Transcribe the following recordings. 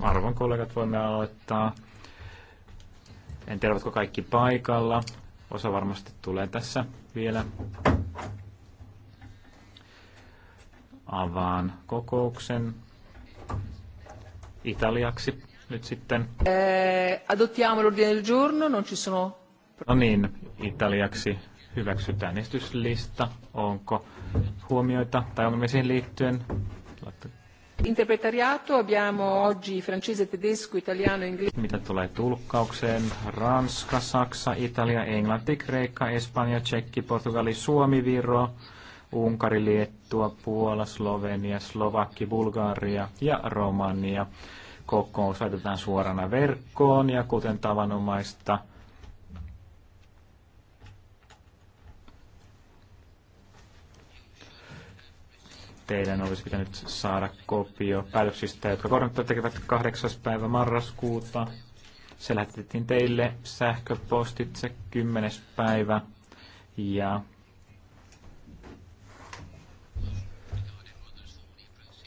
Arvon kollegat voimme aloittaa. En tiedä, ovatko kaikki paikalla. Osa varmasti tulee tässä vielä. Avaan kokouksen italiaksi nyt sitten. Eh, adottiamo l'ordine del giorno, non ci sono... No niin, italiaksi hyväksytään esityslista. Onko huomioita tai ongelmia siihen liittyen? Interpretariato abbiamo oggi francese, tedesco, italiano, inglese. Mitä tulee tulkkaukseen? Ranska, Saksa, Italia, Englanti, Kreikka, Espanja, Tsekki, Portugali, Suomi, Viro, Unkari, Liettua, Puola, Slovenia, Slovakki, Bulgaria ja Romania. Kokous laitetaan suorana verkkoon ja kuten tavanomaista – teidän olisi pitänyt saada kopio päätöksistä, jotka koronat tekevät 8. päivä marraskuuta. Se lähetettiin teille sähköpostitse 10. päivä ja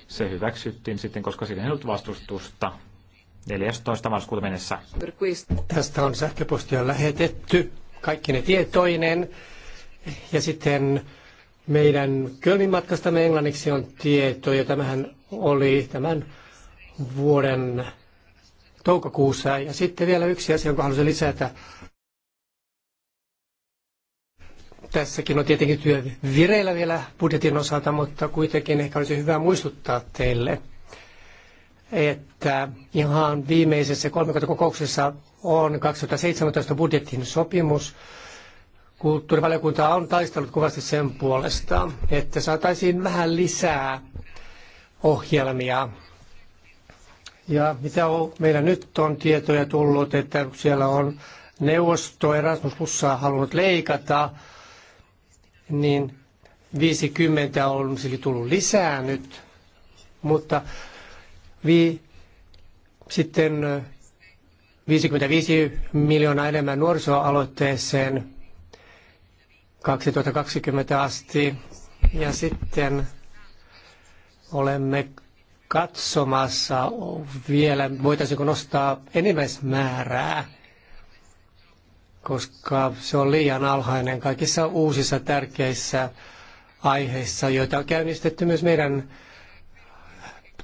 se hyväksyttiin sitten, koska siinä ei ollut vastustusta. 14. marraskuuta mennessä. Tästä on sähköpostia lähetetty, kaikki ne tietoinen. Ja sitten meidän Kölnin matkastamme englanniksi on tieto, ja tämähän oli tämän vuoden toukokuussa. Ja sitten vielä yksi asia, jonka haluaisin lisätä. Tässäkin on tietenkin työ vireillä vielä budjetin osalta, mutta kuitenkin ehkä olisi hyvä muistuttaa teille, että ihan viimeisessä 30 kokouksessa on 2017 budjetin sopimus, Kulttuurivaliokunta on taistellut kovasti sen puolesta, että saataisiin vähän lisää ohjelmia. Ja mitä on, meillä nyt on tietoja tullut, että siellä on neuvosto Erasmus Plussaa halunnut leikata, niin 50 on sille tullut lisää nyt, mutta vi, sitten 55 miljoonaa enemmän nuorisoaloitteeseen 2020 asti. Ja sitten olemme katsomassa vielä, voitaisiinko nostaa enimmäismäärää, koska se on liian alhainen kaikissa uusissa tärkeissä aiheissa, joita on käynnistetty myös meidän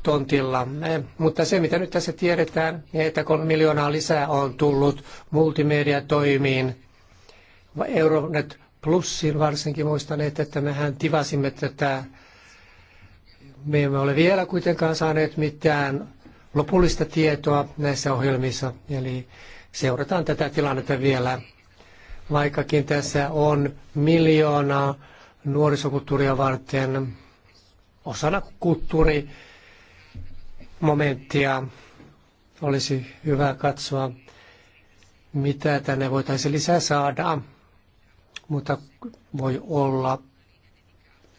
tontillamme. Mutta se, mitä nyt tässä tiedetään, niin että kolme miljoonaa lisää on tullut multimediatoimiin Euronet plussin varsinkin muistaneet, että mehän tivasimme tätä. Me emme ole vielä kuitenkaan saaneet mitään lopullista tietoa näissä ohjelmissa, eli seurataan tätä tilannetta vielä. Vaikkakin tässä on miljoona nuorisokulttuuria varten osana kulttuurimomenttia olisi hyvä katsoa, mitä tänne voitaisiin lisää saada mutta voi olla,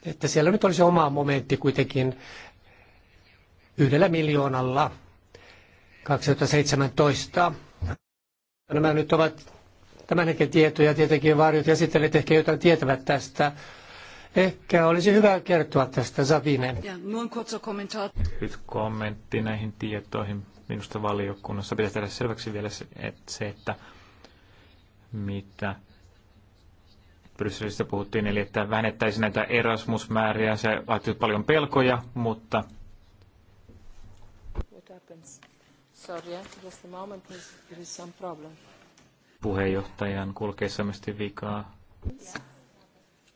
että siellä nyt olisi oma momentti kuitenkin yhdellä miljoonalla 2017. Nämä nyt ovat tämän hetken tietoja, tietenkin varjot sitten ehkä jotain tietävät tästä. Ehkä olisi hyvä kertoa tästä, Savine. Nyt kommentti näihin tietoihin. Minusta valiokunnassa pitäisi tehdä selväksi vielä se, että mitä Brysselistä puhuttiin, eli että vähennettäisiin näitä Erasmus-määriä. Se vaatii paljon pelkoja, mutta... Sorry, eh? just a moment, there is some problem. Puheenjohtajan kulkee selvästi vikaa.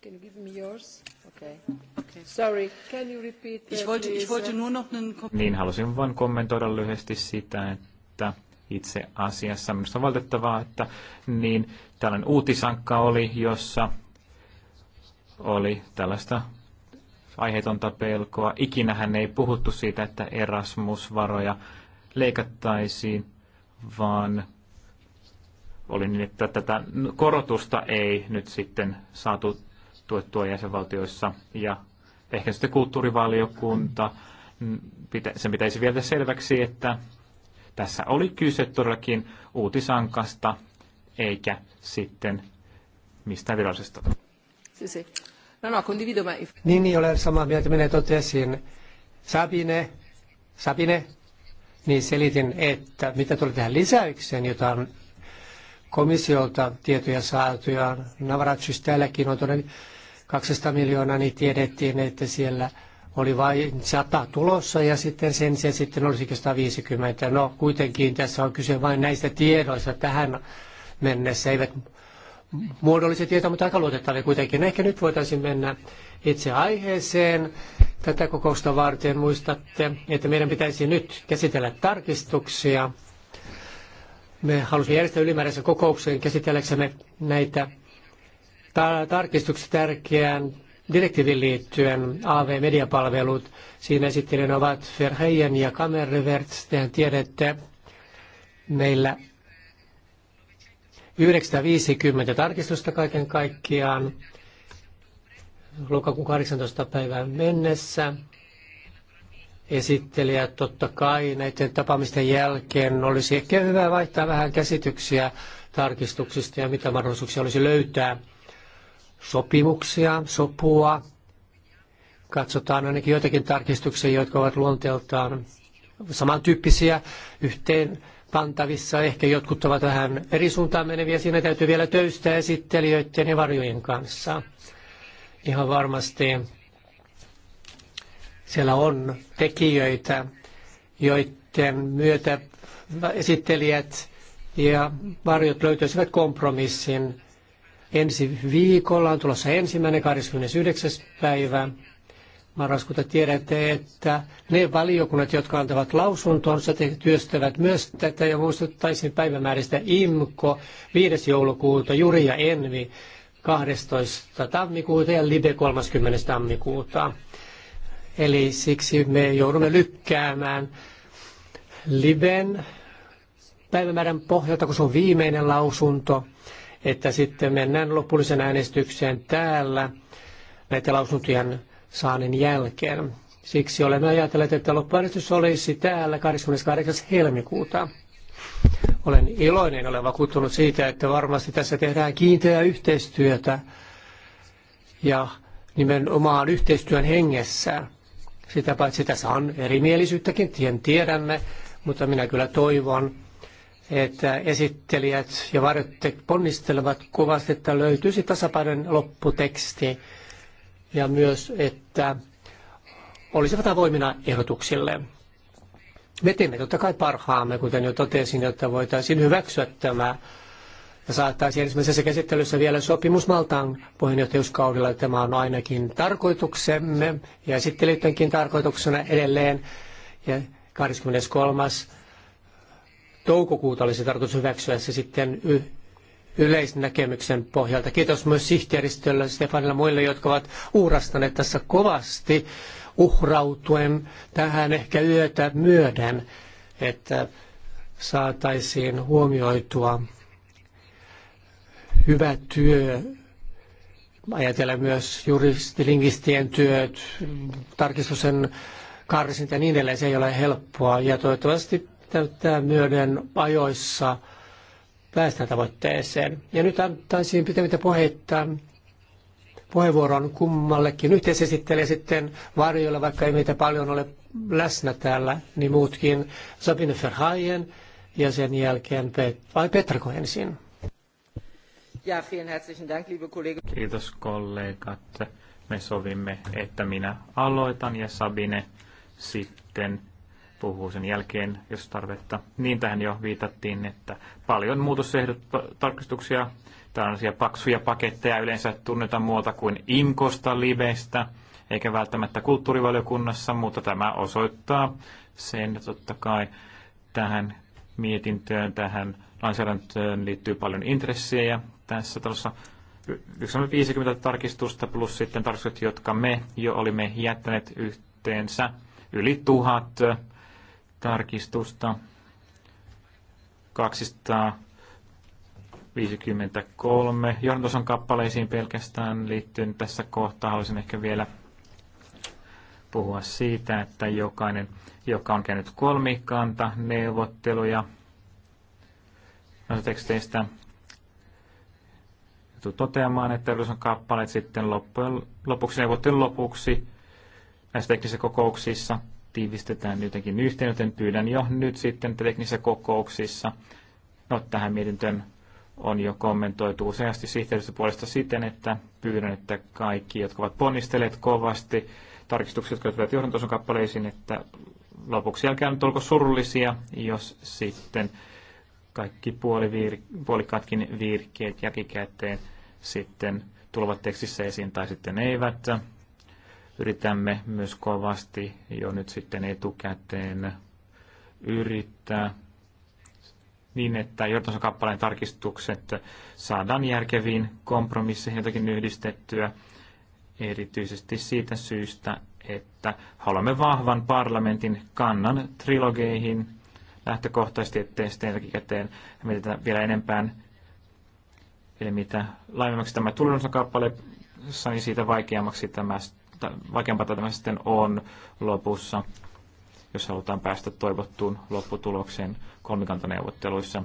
Can you give me yours? Okay. Okay. Sorry, can you repeat that, ich wollte, ich wollte eh? nur noch einen... Niin, halusin vain kommentoida lyhyesti sitä, että itse asiassa. Minusta on valitettavaa, että niin tällainen uutisankka oli, jossa oli tällaista aiheetonta pelkoa. Ikinähän ei puhuttu siitä, että Erasmus-varoja leikattaisiin, vaan oli niin, että tätä korotusta ei nyt sitten saatu tuettua jäsenvaltioissa. Ja ehkä sitten kulttuurivaliokunta, sen pitäisi vielä selväksi, että tässä oli kyse todellakin uutisankasta, eikä sitten mistä virallisesta. No, no, condivido, ma... Niin, niin, olen samaa mieltä. Minä totesin, Sabine, Sabine, niin selitin, että mitä tulee tähän lisäykseen, jota on komissiolta tietoja saatu ja Navaratsys täälläkin on todennut 200 miljoonaa, niin tiedettiin, että siellä – oli vain 100 tulossa ja sitten sen se sitten kestä 150. No kuitenkin tässä on kyse vain näistä tiedoista tähän mennessä, eivät muodollisia tietoja, mutta aika luotettavia kuitenkin. Ehkä nyt voitaisiin mennä itse aiheeseen tätä kokousta varten. Muistatte, että meidän pitäisi nyt käsitellä tarkistuksia. Me halusimme järjestää ylimääräisen kokouksen käsitelläksemme näitä tarkistuksia tärkeän direktiivin liittyen AV-mediapalvelut. Siinä esittelen ovat Verheyen ja Kamerreverts. Tehän tiedätte, meillä 950 tarkistusta kaiken kaikkiaan lokakuun 18. päivään mennessä. Esittelijät totta kai näiden tapaamisten jälkeen olisi ehkä hyvä vaihtaa vähän käsityksiä tarkistuksista ja mitä mahdollisuuksia olisi löytää – sopimuksia, sopua. Katsotaan ainakin joitakin tarkistuksia, jotka ovat luonteeltaan samantyyppisiä yhteen pantavissa. Ehkä jotkut ovat vähän eri suuntaan meneviä. Siinä täytyy vielä töistä esittelijöiden ja varjojen kanssa. Ihan varmasti siellä on tekijöitä, joiden myötä esittelijät ja varjot löytäisivät kompromissin Ensi viikolla on tulossa ensimmäinen 29. päivä marraskuuta tiedätte, että ne valiokunnat, jotka antavat lausuntonsa, te työstävät myös tätä ja muistuttaisin päivämääristä IMKO 5. joulukuuta, Juri ja Envi 12. tammikuuta ja Libe 30. tammikuuta. Eli siksi me joudumme lykkäämään Liben päivämäärän pohjalta, kun se on viimeinen lausunto että sitten mennään lopullisen äänestykseen täällä näiden lausuntojen saannin jälkeen. Siksi olemme ajatelleet, että loppuäänestys olisi täällä 28. helmikuuta. Olen iloinen, olen vakuuttunut siitä, että varmasti tässä tehdään kiinteää yhteistyötä ja nimenomaan yhteistyön hengessä. Sitä paitsi tässä on erimielisyyttäkin, tien tiedämme, mutta minä kyllä toivon, että esittelijät ja varjotte ponnistelevat kovasti, että löytyisi tasapainon lopputeksti ja myös, että olisivat avoimina ehdotuksille. Me teemme totta kai parhaamme, kuten jo totesin, jotta voitaisiin hyväksyä tämä ja saattaisiin ensimmäisessä käsittelyssä vielä sopimus Maltaan puheenjohtajuuskaudella. Tämä on ainakin tarkoituksemme ja esittelyttenkin tarkoituksena edelleen. Ja 23 toukokuuta olisi tarkoitus hyväksyä se sitten y- yleisnäkemyksen pohjalta. Kiitos myös sihteeristölle, Stefanilla muille, jotka ovat uurastaneet tässä kovasti uhrautuen tähän ehkä yötä myöden, että saataisiin huomioitua hyvä työ. Ajatellen myös juristilingvistien työt, tarkistuksen karsinta ja niin edelleen. Se ei ole helppoa ja toivottavasti täyttää myöden ajoissa päästä tavoitteeseen. Ja nyt antaisin pitemmittä puheita puheenvuoron kummallekin yhteisesittelijä sitten varjoilla, vaikka ei meitä paljon ole läsnä täällä, niin muutkin Sabine Verhaajen ja sen jälkeen Pet- vai Petrako ensin. Ja, Dank, liebe Kiitos kollegat. Me sovimme, että minä aloitan ja Sabine sitten puhuu sen jälkeen, jos tarvetta. Niin tähän jo viitattiin, että paljon muutosehdot, tarkistuksia, tällaisia paksuja paketteja yleensä tunnetaan muuta kuin imkosta, Livestä, eikä välttämättä kulttuurivaliokunnassa, mutta tämä osoittaa sen totta kai tähän mietintöön, tähän lainsäädäntöön liittyy paljon intressejä tässä talossa 50 tarkistusta plus sitten tarkistukset, jotka me jo olimme jättäneet yhteensä yli tuhat tarkistusta. 253. Johdantoson kappaleisiin pelkästään liittyen tässä kohtaa haluaisin ehkä vielä puhua siitä, että jokainen, joka on käynyt kolmikanta neuvotteluja noista teksteistä, joutuu toteamaan, että on kappaleet sitten loppujen, lopuksi neuvottelun lopuksi näissä teknisissä kokouksissa – tiivistetään jotenkin yhteen, joten pyydän jo nyt sitten teknisissä kokouksissa. No, tähän mietintöön on jo kommentoitu useasti sihteeristä puolesta siten, että pyydän, että kaikki, jotka ovat ponnistelleet kovasti, tarkistukset, jotka ovat johdantoson kappaleisiin, että lopuksi jälkeen on olko surullisia, jos sitten kaikki puoliviir- puolikkaatkin virkkeet jälkikäteen sitten tulevat tekstissä esiin tai sitten eivät yritämme myös kovasti jo nyt sitten etukäteen yrittää niin, että Jortonsa kappaleen tarkistukset saadaan järkeviin kompromisseihin jotakin yhdistettyä erityisesti siitä syystä, että haluamme vahvan parlamentin kannan trilogeihin lähtökohtaisesti, ettei sitten jälkikäteen mietitä vielä enempään. Eli mitä laajemmaksi tämä tulonsa kappale niin siitä vaikeammaksi tämä vaikeampaa tämä sitten on lopussa, jos halutaan päästä toivottuun lopputulokseen kolmikantaneuvotteluissa.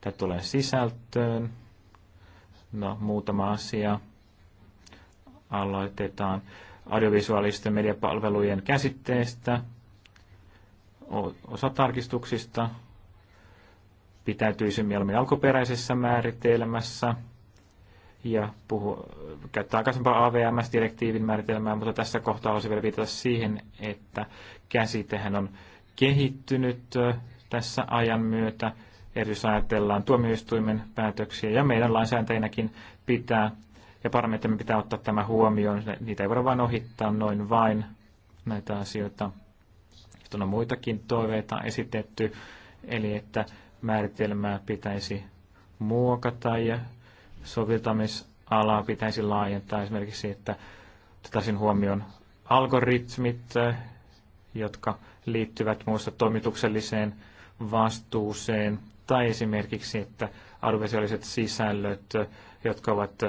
Tämä tulee sisältöön. No, muutama asia. Aloitetaan audiovisuaalisten mediapalvelujen käsitteestä, osatarkistuksista, pitäytyisi mieluummin alkuperäisessä määritelmässä – ja puhu, käyttää aikaisempaa AVMS-direktiivin määritelmää, mutta tässä kohtaa olisi vielä viitata siihen, että käsitehän on kehittynyt tässä ajan myötä. Erityisesti ajatellaan tuomioistuimen päätöksiä ja meidän lainsäätäjinäkin pitää ja parametrimme pitää ottaa tämä huomioon. Niitä ei voida vain ohittaa noin vain näitä asioita. Sitten on muitakin toiveita esitetty, eli että määritelmää pitäisi muokata ja soveltamisalaa pitäisi laajentaa esimerkiksi, että otettaisiin huomioon algoritmit, jotka liittyvät muussa toimitukselliseen vastuuseen, tai esimerkiksi, että audiovisuaaliset sisällöt, jotka ovat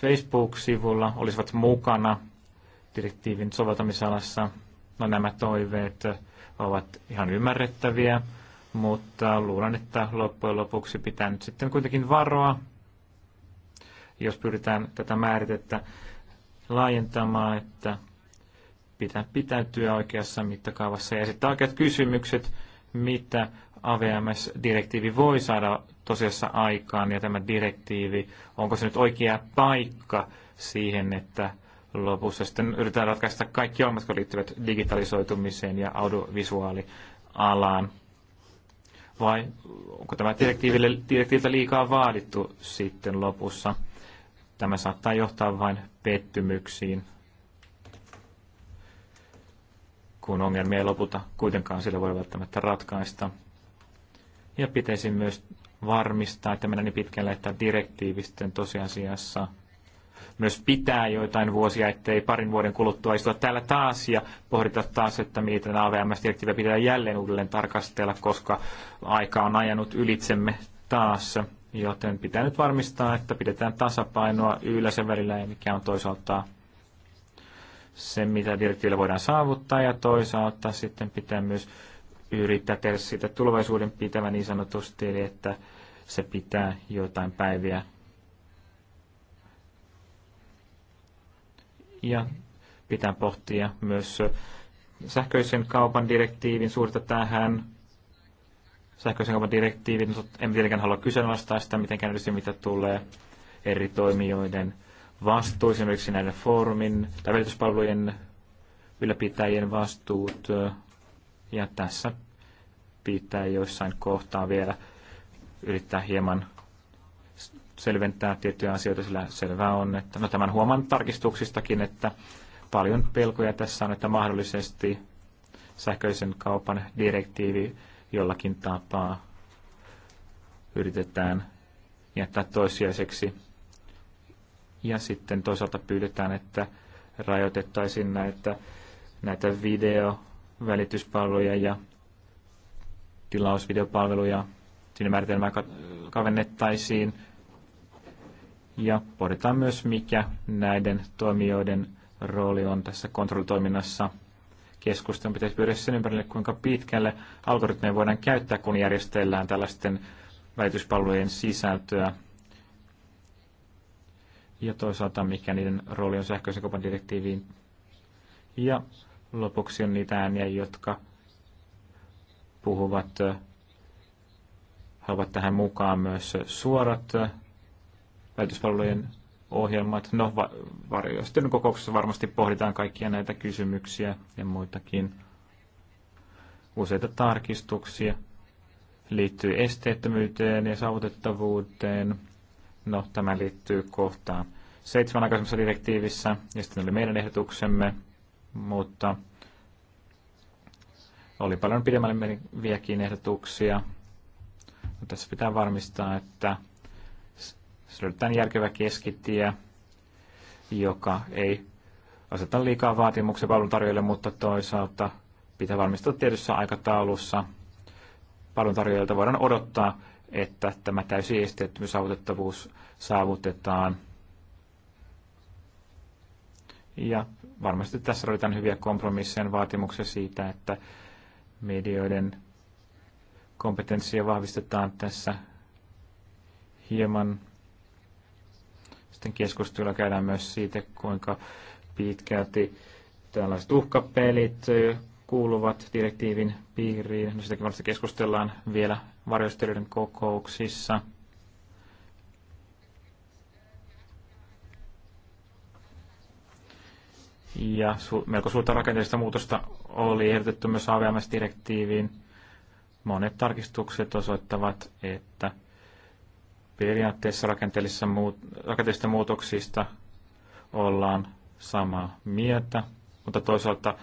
Facebook-sivulla, olisivat mukana direktiivin soveltamisalassa. No nämä toiveet ovat ihan ymmärrettäviä, mutta luulen, että loppujen lopuksi pitää nyt sitten kuitenkin varoa jos pyritään tätä määritettä laajentamaan, että pitää pitäytyä oikeassa mittakaavassa ja sitten oikeat kysymykset, mitä AVMS-direktiivi voi saada tosiasiassa aikaan ja tämä direktiivi, onko se nyt oikea paikka siihen, että lopussa sitten yritetään ratkaista kaikki ongelmat, jotka liittyvät digitalisoitumiseen ja audiovisuaalialaan. Vai onko tämä direktiiviltä liikaa vaadittu sitten lopussa? tämä saattaa johtaa vain pettymyksiin, kun ongelmia ei lopulta kuitenkaan sillä voi välttämättä ratkaista. Ja pitäisi myös varmistaa, että mennään niin pitkälle, että sitten tosiasiassa myös pitää joitain vuosia, ettei parin vuoden kuluttua istua täällä taas ja pohdita taas, että miten AVMS-direktiiviä pitää jälleen uudelleen tarkastella, koska aika on ajanut ylitsemme taas. Joten pitää nyt varmistaa, että pidetään tasapainoa yllä sen välillä, mikä on toisaalta se, mitä direktiivillä voidaan saavuttaa, ja toisaalta sitten pitää myös yrittää tehdä siitä tulevaisuuden pitävä niin sanotusti, eli että se pitää joitain päiviä. Ja pitää pohtia myös sähköisen kaupan direktiivin suurta tähän sähköisen kaupan mutta En tietenkään halua kyseenalaistaa sitä, miten käynnistyy, mitä tulee eri toimijoiden vastuu, esimerkiksi näiden foorumin tai välityspalvelujen ylläpitäjien vastuut. Ja tässä pitää joissain kohtaa vielä yrittää hieman selventää tiettyjä asioita, sillä selvää on, että no tämän huoman tarkistuksistakin, että paljon pelkoja tässä on, että mahdollisesti sähköisen kaupan direktiivi jollakin tapaa yritetään jättää toissijaiseksi. Ja sitten toisaalta pyydetään, että rajoitettaisiin näitä, näitä videovälityspalveluja ja tilausvideopalveluja. Siinä määritelmää kavennettaisiin. Ja pohditaan myös, mikä näiden toimijoiden rooli on tässä kontrollitoiminnassa – keskustelun pitäisi pyydä sen ympärille, kuinka pitkälle algoritmeja voidaan käyttää, kun järjestellään tällaisten välityspalvelujen sisältöä. Ja toisaalta, mikä niiden rooli on sähköisen kaupan direktiiviin. Ja lopuksi on niitä ääniä, jotka puhuvat, haluavat tähän mukaan myös suorat välityspalvelujen ohjelmat. No, va- kokouksessa varmasti pohditaan kaikkia näitä kysymyksiä ja muitakin useita tarkistuksia liittyy esteettömyyteen ja saavutettavuuteen. No, tämä liittyy kohtaan seitsemän aikaisemmassa direktiivissä, ja sitten oli meidän ehdotuksemme, mutta oli paljon pidemmälle viekin ehdotuksia. No, tässä pitää varmistaa, että Siis löydetään järkevä keskittiä, joka ei aseta liikaa vaatimuksia palveluntarjoajille, mutta toisaalta pitää valmistua tietyssä aikataulussa. Palveluntarjoajilta voidaan odottaa, että tämä täysi esteettömyys saavutettavuus saavutetaan. Ja varmasti tässä löydetään hyviä kompromisseja vaatimuksia siitä, että medioiden kompetenssia vahvistetaan tässä hieman sitten keskustelua käydään myös siitä, kuinka pitkälti tällaiset uhkapelit kuuluvat direktiivin piiriin. No, sitäkin varmasti keskustellaan vielä varjostelijoiden kokouksissa. Ja su- melko suurta rakenteellista muutosta oli ehdotettu myös AVMS-direktiiviin. Monet tarkistukset osoittavat, että periaatteessa rakenteellisista, muut, rakenteellisista muutoksista ollaan samaa mieltä, mutta toisaalta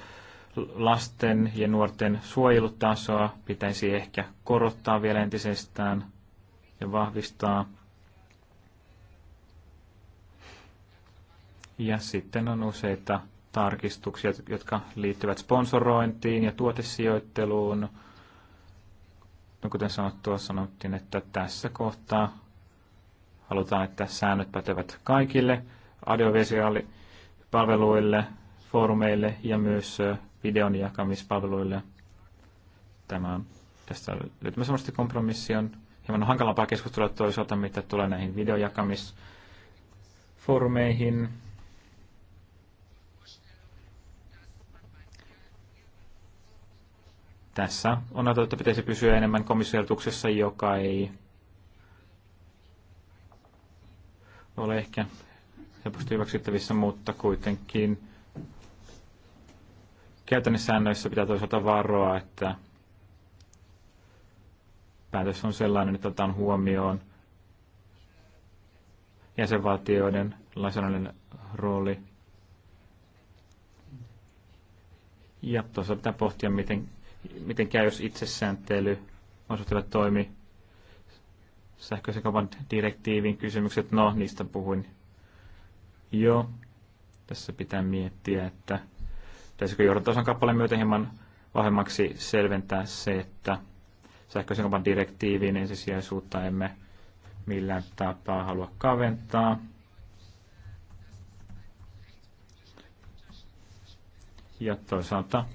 lasten ja nuorten suojelutasoa pitäisi ehkä korottaa vielä entisestään ja vahvistaa. Ja sitten on useita tarkistuksia, jotka liittyvät sponsorointiin ja tuotesijoitteluun. No kuten sanottua, sanottiin, että tässä kohtaa Halutaan, että säännöt pätevät kaikille audiovisuaalipalveluille, foorumeille ja myös videon jakamispalveluille. Tämä on, tästä löytyy varmasti kompromissi on hieman hankalampaa keskustella toisaalta, mitä tulee näihin videojakamisfoorumeihin. Tässä on ajateltu, että pitäisi pysyä enemmän komissiotuksessa, joka ei ole ehkä helposti hyväksyttävissä, mutta kuitenkin käytännössä säännöissä pitää toisaalta varoa, että päätös on sellainen, että otetaan huomioon jäsenvaltioiden lainsäädännön rooli. Ja toisaalta pitää pohtia, miten, miten käy, jos itsesääntely olosuhteilla toimi sähköisen kaupan direktiivin kysymykset, no niistä puhuin jo. Tässä pitää miettiä, että pitäisikö johdantosan kappaleen myötä hieman vahvemmaksi selventää se, että sähköisen kaupan direktiivin ensisijaisuutta emme millään tapaa halua kaventaa. Ja toisaalta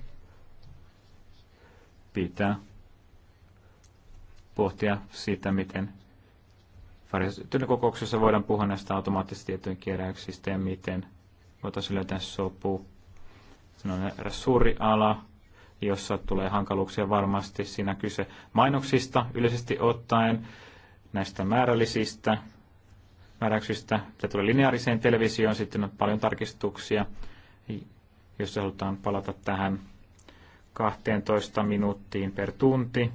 pitää pohtia sitä, miten kokouksessa voidaan puhua näistä automaattisesti tietojen keräyksistä ja miten voitaisiin löytää sopu. Se on suuri ala, jossa tulee hankaluuksia varmasti. Siinä kyse mainoksista yleisesti ottaen, näistä määrällisistä määräyksistä, mitä tulee lineaariseen televisioon, sitten on paljon tarkistuksia, jos halutaan palata tähän 12 minuuttiin per tunti.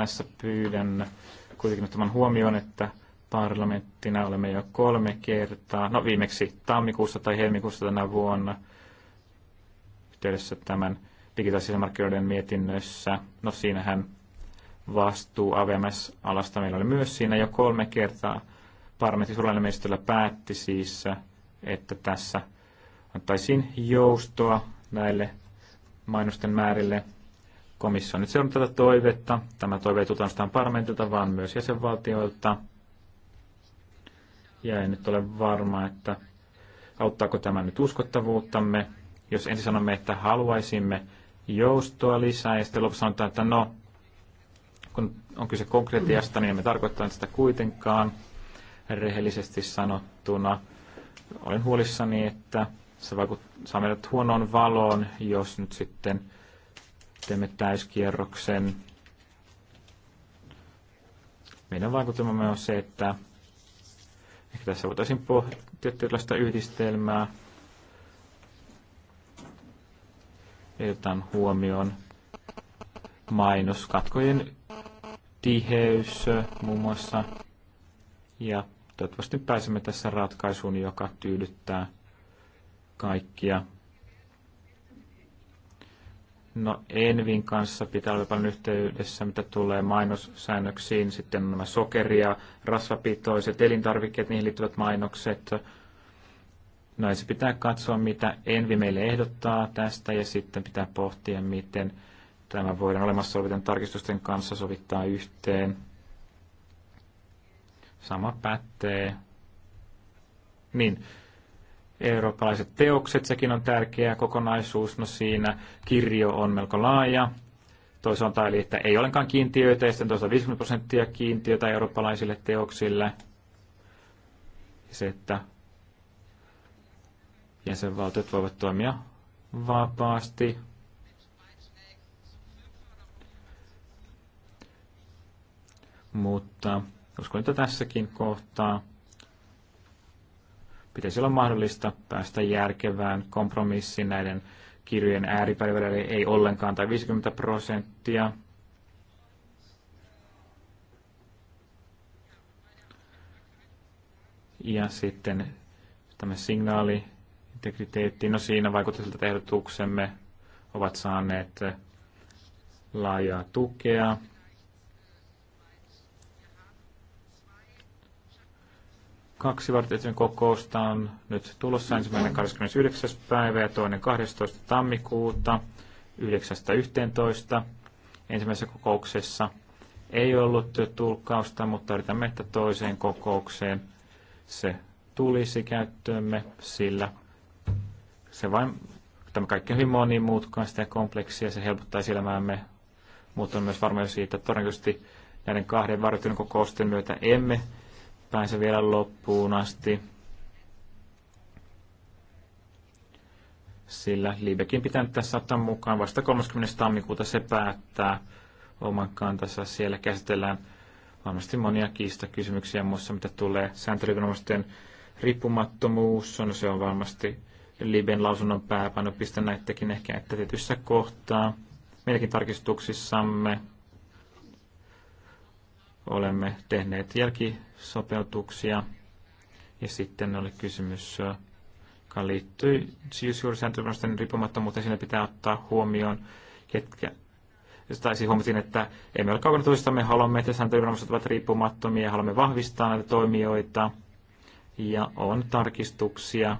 Tässä pyydän kuitenkin ottamaan huomioon, että parlamenttina olemme jo kolme kertaa, no viimeksi tammikuussa tai helmikuussa tänä vuonna yhteydessä tämän digitaalisen markkinoiden mietinnössä. No siinähän vastuu AVMS-alasta meillä oli myös siinä jo kolme kertaa. Parlamentin suurella päätti siis, että tässä antaisiin joustoa näille mainosten määrille komissio on nyt seurannut tätä toivetta. Tämä toive ei tutanastaan parlamentilta, vaan myös jäsenvaltioilta. Ja en nyt ole varma, että auttaako tämä nyt uskottavuuttamme. Jos ensin sanomme, että haluaisimme joustoa lisää, ja sitten lopussa sanotaan, että no, kun on kyse konkretiasta, niin emme tarkoittaa sitä kuitenkaan rehellisesti sanottuna. Olen huolissani, että se vaikuttaa, saa meidät huonoon valoon, jos nyt sitten teemme täyskierroksen. Meidän vaikutelmamme on se, että ehkä tässä voitaisiin pohtia tällaista yhdistelmää. Otetaan huomioon mainoskatkojen tiheys muun muassa. Ja toivottavasti pääsemme tässä ratkaisuun, joka tyydyttää kaikkia. No Envin kanssa pitää olla paljon yhteydessä, mitä tulee mainossäännöksiin. Sitten on nämä sokeria, rasvapitoiset, elintarvikkeet, niihin liittyvät mainokset. No se pitää katsoa, mitä Envi meille ehdottaa tästä ja sitten pitää pohtia, miten tämä voidaan olemassa olevien tarkistusten kanssa sovittaa yhteen. Sama pätee. Niin, eurooppalaiset teokset, sekin on tärkeä kokonaisuus. No siinä kirjo on melko laaja. Toisaalta eli, että ei olekaan kiintiöitä ja sitten toisaalta 50 prosenttia kiintiötä eurooppalaisille teoksille. Se, että jäsenvaltiot voivat toimia vapaasti. Mutta uskon, että tässäkin kohtaa pitäisi olla mahdollista päästä järkevään kompromissiin näiden kirjojen ääripäivänä, eli ei ollenkaan, tai 50 prosenttia. Ja sitten tämä signaali integriteetti, no siinä vaikuttaa siltä, ehdotuksemme ovat saaneet laajaa tukea. Kaksi vartijoiden kokousta on nyt tulossa ensimmäinen 29. päivä ja toinen 12. tammikuuta 9.11. Ensimmäisessä kokouksessa ei ollut tulkkausta, mutta yritämme, että toiseen kokoukseen se tulisi käyttöömme, sillä se vain, tämä kaikki on hyvin monimutkaista ja kompleksia, se helpottaa silmäämme, mutta on myös varmuus siitä, että todennäköisesti näiden kahden varjoittelun kokousten myötä emme se vielä loppuun asti. Sillä Libekin pitää tässä ottaa mukaan. Vasta 30. tammikuuta se päättää oman kantansa. Siellä käsitellään varmasti monia kiistakysymyksiä muissa, mitä tulee sääntelyviranomaisten riippumattomuus. On, no, se on varmasti Liben lausunnon pääpainopiste näittekin ehkä, että tietyissä kohtaa Meidänkin tarkistuksissamme olemme tehneet jälkisopeutuksia. Ja sitten oli kysymys, joka liittyi siis juuri sääntövarmasten riippumattomuuteen. Siinä pitää ottaa huomioon, ketkä tai siis huomasin, että emme ole kaukana me haluamme, että sääntöviranomaiset ovat riippumattomia, haluamme vahvistaa näitä toimijoita, ja on tarkistuksia,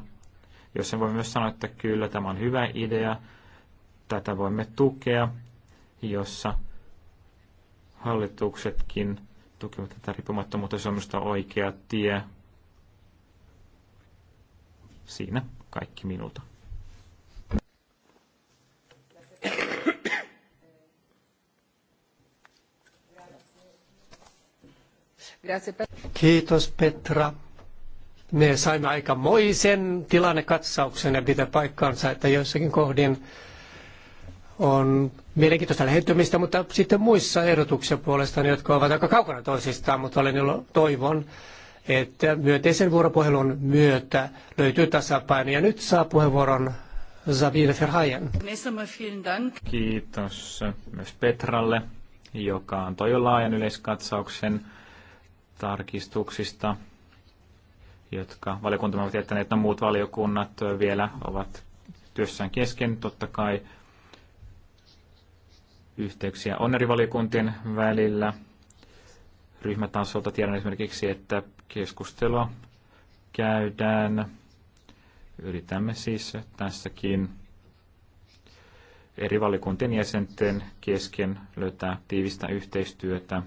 Jos sen voi myös sanoa, että kyllä, tämä on hyvä idea, tätä voimme tukea, jossa hallituksetkin tukevat tätä riippumattomuutta. Se on minusta oikea tie. Siinä kaikki minulta. Kiitos Petra. Me saimme aika moisen tilannekatsauksen ja pitää paikkaansa, että joissakin kohdin on mielenkiintoista lähentymistä, mutta sitten muissa ehdotuksissa puolestaan, jotka ovat aika kaukana toisistaan, mutta olen ilo, toivon, että myönteisen vuoropuhelun myötä löytyy tasapaino. Ja nyt saa puheenvuoron Zabine Ferhajen. Kiitos myös Petralle, joka antoi jo laajan yleiskatsauksen tarkistuksista, jotka valiokuntamme ovat jättäneet, no muut valiokunnat vielä ovat työssään kesken. Totta kai yhteyksiä on eri välillä. Ryhmätasolta tiedän esimerkiksi, että keskustelua käydään. Yritämme siis tässäkin eri valikuntien jäsenten kesken löytää tiivistä yhteistyötä,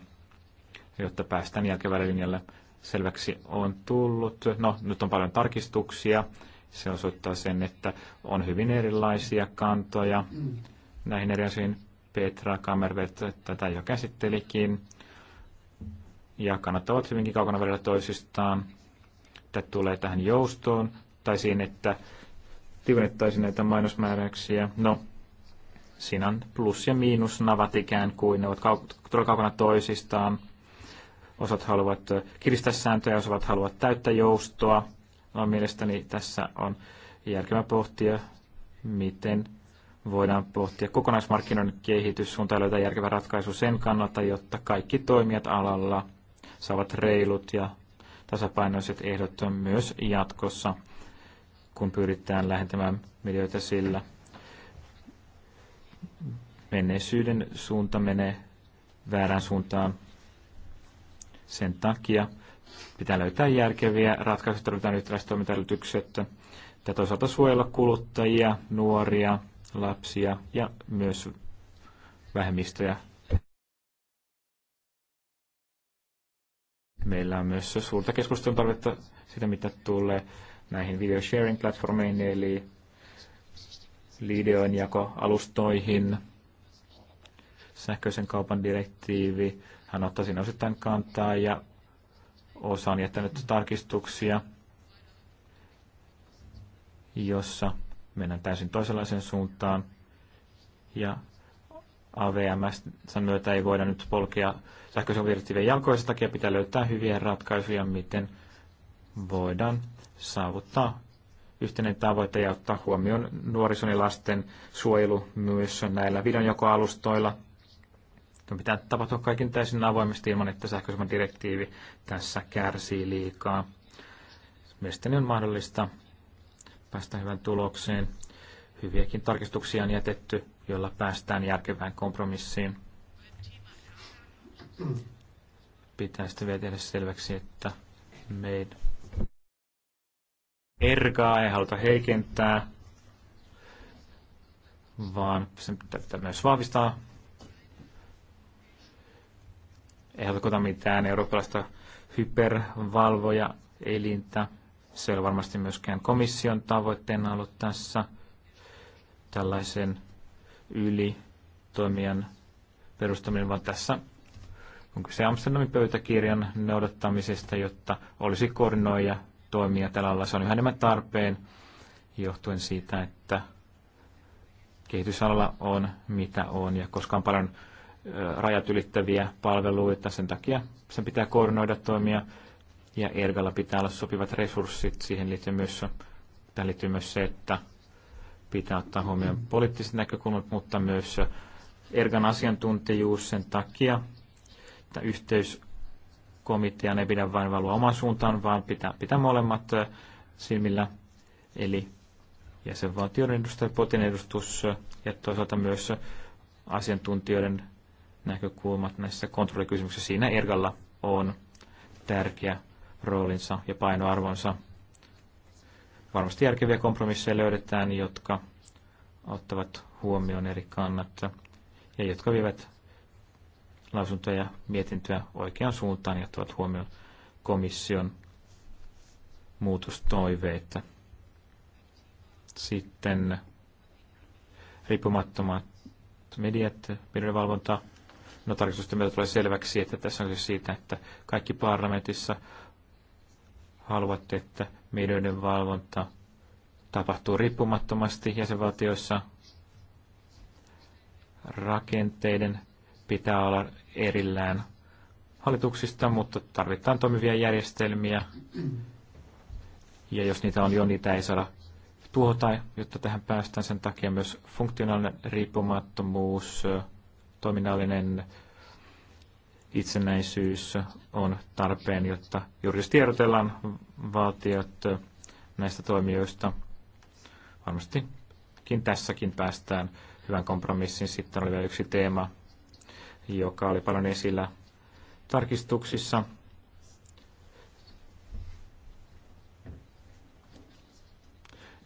jotta päästään jälkivälilinjalle. Selväksi on tullut, no nyt on paljon tarkistuksia, se osoittaa sen, että on hyvin erilaisia kantoja näihin eri asioihin. Petra Kammervet tätä jo käsittelikin. Ja kannat ovat hyvinkin kaukana välillä toisistaan. Tätä tulee tähän joustoon tai siihen, että tiukennettaisiin näitä mainosmääräyksiä. No, siinä on plus- ja miinusnavat ikään kuin, ne ovat kau- todella kaukana toisistaan. Osat haluavat äh, kiristää sääntöjä, osat haluavat täyttää joustoa. No, mielestäni tässä on järkevä pohtia, miten voidaan pohtia kokonaismarkkinoiden kehityssuuntaa löytää järkevä ratkaisu sen kannalta, jotta kaikki toimijat alalla saavat reilut ja tasapainoiset ehdot myös jatkossa, kun pyritään lähentämään medioita sillä. Menneisyyden suunta menee väärään suuntaan. Sen takia pitää löytää järkeviä ratkaisuja, tarvitaan yhtäläiset toimintaedellytykset ja toisaalta suojella kuluttajia, nuoria, lapsia ja myös vähemmistöjä. Meillä on myös suurta keskustelun tarvetta siitä, mitä tulee näihin video sharing platformeihin, eli jakoalustoihin. sähköisen kaupan direktiivi, hän ottaa siinä osittain kantaa ja osa on jättänyt tarkistuksia, jossa mennään täysin toisenlaiseen suuntaan. Ja AVMSn myötä ei voida nyt polkea sähköisen virtiivien jalkoisen takia, pitää löytää hyviä ratkaisuja, miten voidaan saavuttaa yhteinen tavoite ja ottaa huomioon nuorison ja lasten suojelu myös näillä videonjakoalustoilla. Tämä pitää tapahtua kaikin täysin avoimesti ilman, että sähköisen direktiivi tässä kärsii liikaa. Mielestäni on mahdollista päästään hyvän tulokseen. Hyviäkin tarkistuksia on jätetty, joilla päästään järkevään kompromissiin. Pitää sitten vielä tehdä selväksi, että meidän ergaa ei haluta heikentää, vaan se pitää myös vahvistaa. Ei haluta mitään eurooppalaista hypervalvoja elintä se ei ole varmasti myöskään komission tavoitteena ollut tässä tällaisen ylitoimijan perustaminen, vaan tässä on kyse Amsterdamin pöytäkirjan noudattamisesta, jotta olisi koordinoija toimia tällä alalla. Se on yhä enemmän tarpeen johtuen siitä, että kehitysalalla on mitä on ja koska on paljon rajat ylittäviä palveluita, sen takia sen pitää koordinoida toimia ja Ergalla pitää olla sopivat resurssit. Siihen liittyy myös, tähän liittyy myös se, että pitää ottaa huomioon poliittiset näkökulmat, mutta myös Ergan asiantuntijuus sen takia, että yhteyskomitean ei pidä vain valua omaan suuntaan, vaan pitää, pitää molemmat äh, silmillä, eli jäsenvaltioiden edustajat, potin edustus äh, ja toisaalta myös asiantuntijoiden näkökulmat näissä kontrollikysymyksissä. Siinä Ergalla on tärkeä roolinsa ja painoarvonsa. Varmasti järkeviä kompromisseja löydetään, jotka ottavat huomioon eri kannat ja jotka vievät lausuntoja ja mietintöä oikeaan suuntaan ja ottavat huomioon komission muutostoiveita. Sitten riippumattomat mediat, mediavalvonta, no tarkistusten myötä tulee selväksi, että tässä on siis siitä, että kaikki parlamentissa haluatte, että medioiden valvonta tapahtuu riippumattomasti jäsenvaltioissa. Rakenteiden pitää olla erillään hallituksista, mutta tarvitaan toimivia järjestelmiä. Ja jos niitä on jo, niitä ei saada tuota, jotta tähän päästään sen takia myös funktionaalinen riippumattomuus, toiminnallinen itsenäisyys on tarpeen, jotta juridisesti tiedotellaan valtiot näistä toimijoista. Varmastikin tässäkin päästään hyvän kompromissin. Sitten oli vielä yksi teema, joka oli paljon esillä tarkistuksissa.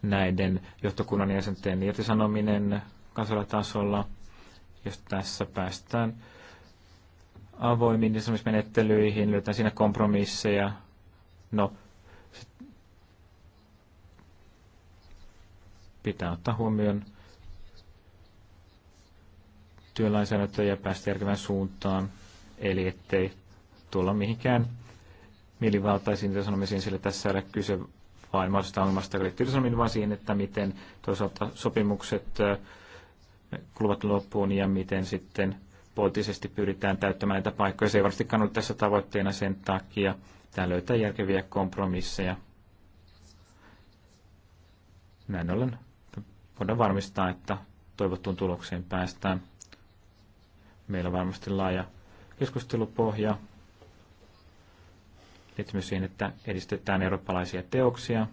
Näiden johtokunnan jäsenten irtisanominen tasolla, jos tässä päästään avoimiin irtisanomismenettelyihin, löytää siinä kompromisseja. No, pitää ottaa huomioon työlainsäädäntö ja päästä järkevään suuntaan, eli ettei tulla mihinkään mielivaltaisiin irtisanomisiin, sillä tässä ei ole kyse vain mahdollisesta ongelmasta irtisanomin, vaan siihen, että miten toisaalta sopimukset äh, kuluvat loppuun ja miten sitten poliittisesti pyritään täyttämään näitä paikkoja. Se ei varmasti ollut tässä tavoitteena sen takia. Tämä löytää järkeviä kompromisseja. Näin ollen voidaan varmistaa, että toivottuun tulokseen päästään. Meillä on varmasti laaja keskustelupohja. Liittyy siihen, että edistetään eurooppalaisia teoksia.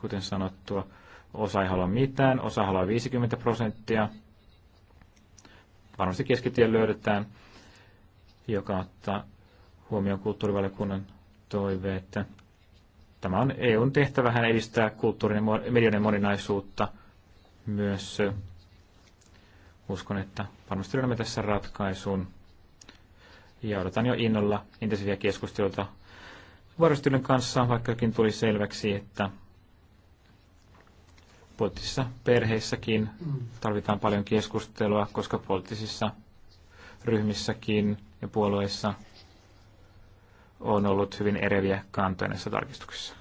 Kuten sanottua, osa ei halua mitään, osa haluaa 50 prosenttia varmasti keskitie löydetään, joka ottaa huomioon kulttuurivaliokunnan toive, että tämä on EUn tehtävähän edistää kulttuurin ja medioiden moninaisuutta myös. Uskon, että varmasti löydämme tässä ratkaisun. Ja odotan jo innolla intensiivisiä keskusteluita varustelun kanssa, vaikkakin tuli selväksi, että poliittisissa perheissäkin tarvitaan paljon keskustelua, koska poliittisissa ryhmissäkin ja puolueissa on ollut hyvin eriviä kantoja näissä tarkistuksissa.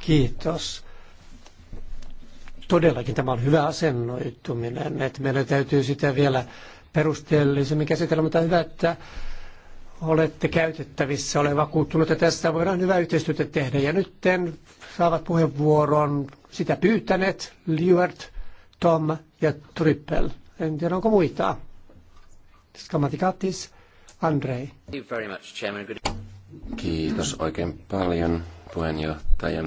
Kiitos. Todellakin tämä on hyvä asennoituminen, että meidän täytyy sitä vielä perusteellisemmin käsitellä, mutta hyvä, että olette käytettävissä. Olen vakuuttunut, että tässä voidaan hyvää yhteistyötä tehdä. Ja nyt saavat puheenvuoron sitä pyytäneet Liuert, Tom ja Trippel. En tiedä, onko muita. Skamatikatis, Andrei. Kiitos oikein paljon puheenjohtaja.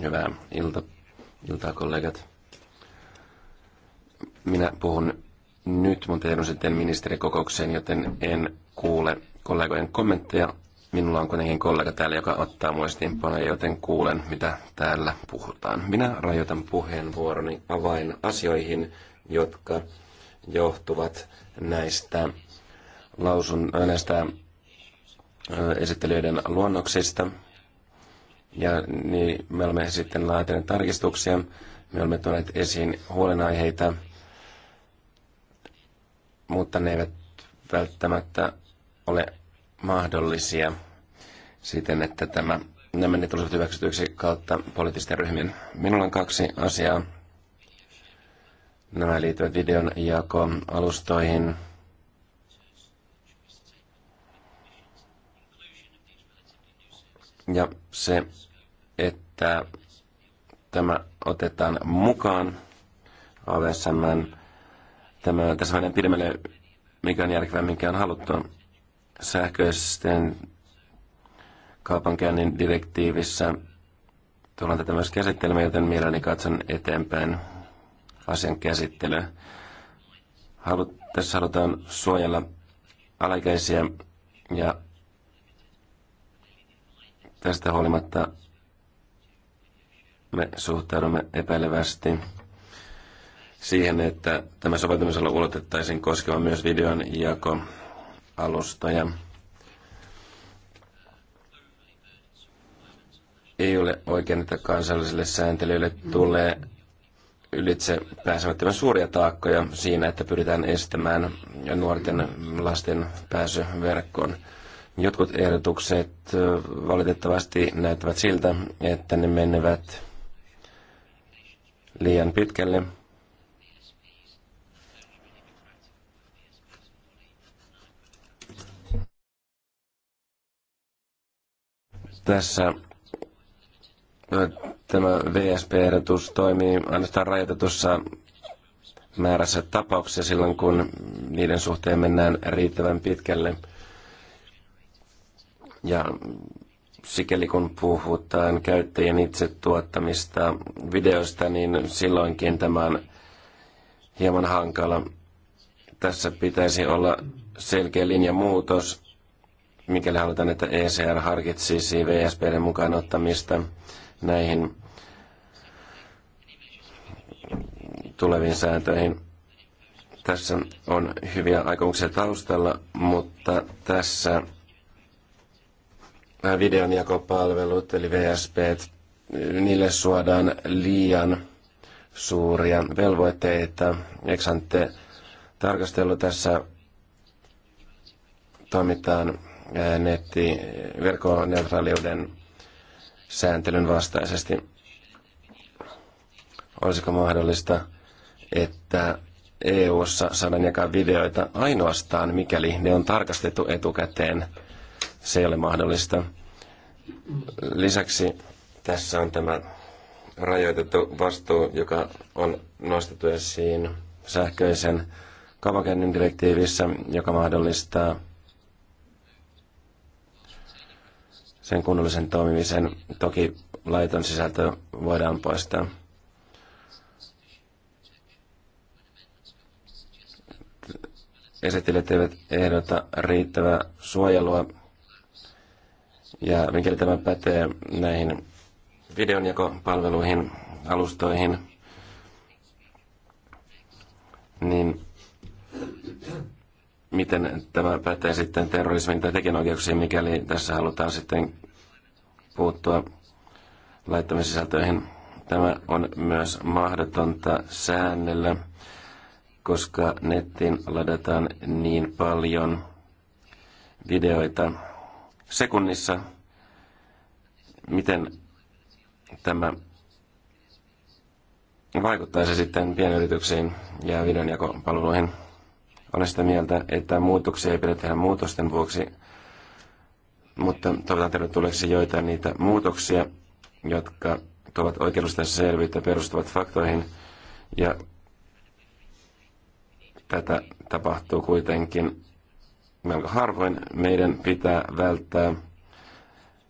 Hyvää ilta, iltaa kollegat. Minä puhun nyt, mutta edun sitten ministerikokoukseen, joten en kuule kollegojen kommentteja. Minulla on kuitenkin kollega täällä, joka ottaa muistiinpanoja, joten kuulen, mitä täällä puhutaan. Minä rajoitan puheenvuoroni asioihin, jotka johtuvat näistä, lausun, äh, näistä äh, esittelijöiden luonnoksista. Ja niin me olemme sitten laatineet tarkistuksia. Me olemme tuoneet esiin huolenaiheita, mutta ne eivät välttämättä ole mahdollisia siten, että tämä, nämä ne tulisivat hyväksytyksi kautta poliittisten ryhmien. Minulla on kaksi asiaa. Nämä liittyvät videon jakoon alustoihin. Ja se, että tämä otetaan mukaan AVSM. Tämä, tässä vähän pidemmälle, mikä on järkevää, mikä on haluttua sähköisten kaupankäynnin direktiivissä tullaan tätä myös käsittelemään, joten mielelläni katson eteenpäin asian käsittelyä. Halu, tässä halutaan suojella alaikäisiä ja tästä huolimatta me suhtaudumme epäilevästi siihen, että tämä soveltamisella ulotettaisiin koskemaan myös videon jako ja Ei ole oikein, että kansalliselle sääntelyille tulee ylitse pääsemättömän suuria taakkoja siinä, että pyritään estämään nuorten lasten pääsy verkkoon. Jotkut ehdotukset valitettavasti näyttävät siltä, että ne menevät liian pitkälle Tässä tämä VSP-ehdotus toimii ainoastaan rajoitetussa määrässä tapauksia silloin, kun niiden suhteen mennään riittävän pitkälle. Ja sikäli kun puhutaan käyttäjien itse tuottamista videoista, niin silloinkin tämä on hieman hankala. Tässä pitäisi olla selkeä linjamuutos, mikäli halutaan, että ECR harkitsisi VSPn mukaan ottamista näihin tuleviin sääntöihin. Tässä on hyviä aikomuksia taustalla, mutta tässä videonjakopalvelut eli VSP, niille suodaan liian suuria velvoitteita. Eksante tarkastelu tässä toimitaan netti, verkoneutraaliuden sääntelyn vastaisesti. Olisiko mahdollista, että EU-ssa saadaan jakaa videoita ainoastaan, mikäli ne on tarkastettu etukäteen. Se ei ole mahdollista. Lisäksi tässä on tämä rajoitettu vastuu, joka on nostettu esiin sähköisen kavakennin direktiivissä, joka mahdollistaa sen kunnollisen toimimisen. Toki laiton sisältö voidaan poistaa. Esittelijät eivät ehdota riittävää suojelua. Ja mikäli tämä pätee näihin videonjakopalveluihin, alustoihin, niin miten tämä pätee sitten terrorismin tai tekijänoikeuksiin, mikäli tässä halutaan sitten puuttua laittomiin sisältöihin. Tämä on myös mahdotonta säännellä, koska nettiin ladataan niin paljon videoita sekunnissa. Miten tämä vaikuttaisi sitten pienyrityksiin ja videonjakopalveluihin? Olen sitä mieltä, että muutoksia ei pidä tehdä muutosten vuoksi, mutta toivotan tervetulleeksi joitain niitä muutoksia, jotka tuovat oikeudesta selvyyttä perustuvat faktoihin. Ja tätä tapahtuu kuitenkin melko harvoin. Meidän pitää välttää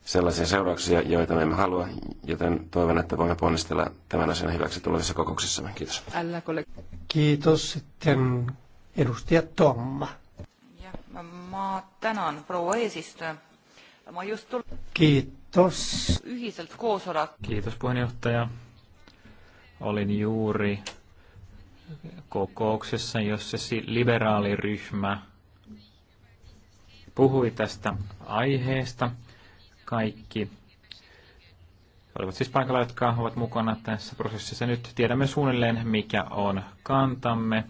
sellaisia seurauksia, joita me emme halua, joten toivon, että voimme ponnistella tämän asian hyväksi tulevissa kokouksissa. Kiitos. Kiitos. Sitten Edustaja Tomma. Ja, mä tänään, proua eesistyä. Mä just Kiitos. Yhiselt Kiitos puheenjohtaja. Olin juuri kokouksessa, jossa liberaaliryhmä puhui tästä aiheesta. Kaikki olivat siis paikalla, jotka ovat mukana tässä prosessissa. Nyt tiedämme suunnilleen, mikä on kantamme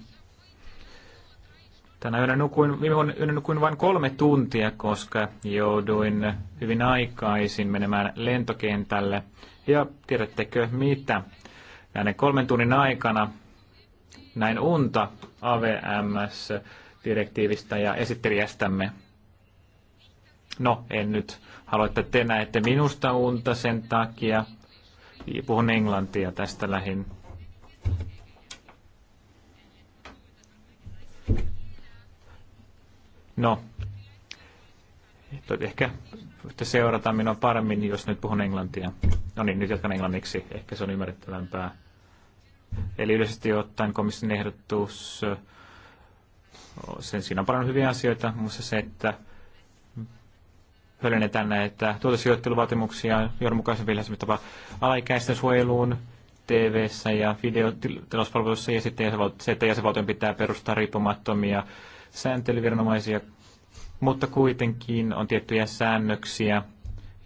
Tänä yönä nukuin, viime yönä nukuin vain kolme tuntia, koska jouduin hyvin aikaisin menemään lentokentälle. Ja tiedättekö mitä? Näiden kolmen tunnin aikana näin unta AVMS-direktiivistä ja esittelijästämme. No, en nyt halua, että te näette minusta unta sen takia. Puhun englantia tästä lähin. No, ehkä voitte seurata minua paremmin, jos nyt puhun englantia. No niin, nyt jatkan englanniksi. Ehkä se on ymmärrettävämpää. Eli yleisesti ottaen komission ehdotus, sen siinä on paljon hyviä asioita, muun se, että höllennetään näitä tuotesijoitteluvaatimuksia johdonmukaisemmilla tapa alaikäisten suojeluun, tv ja videotalouspalveluissa ja sitten se, että jäsenvaltion pitää perustaa riippumattomia sääntelyviranomaisia, mutta kuitenkin on tiettyjä säännöksiä,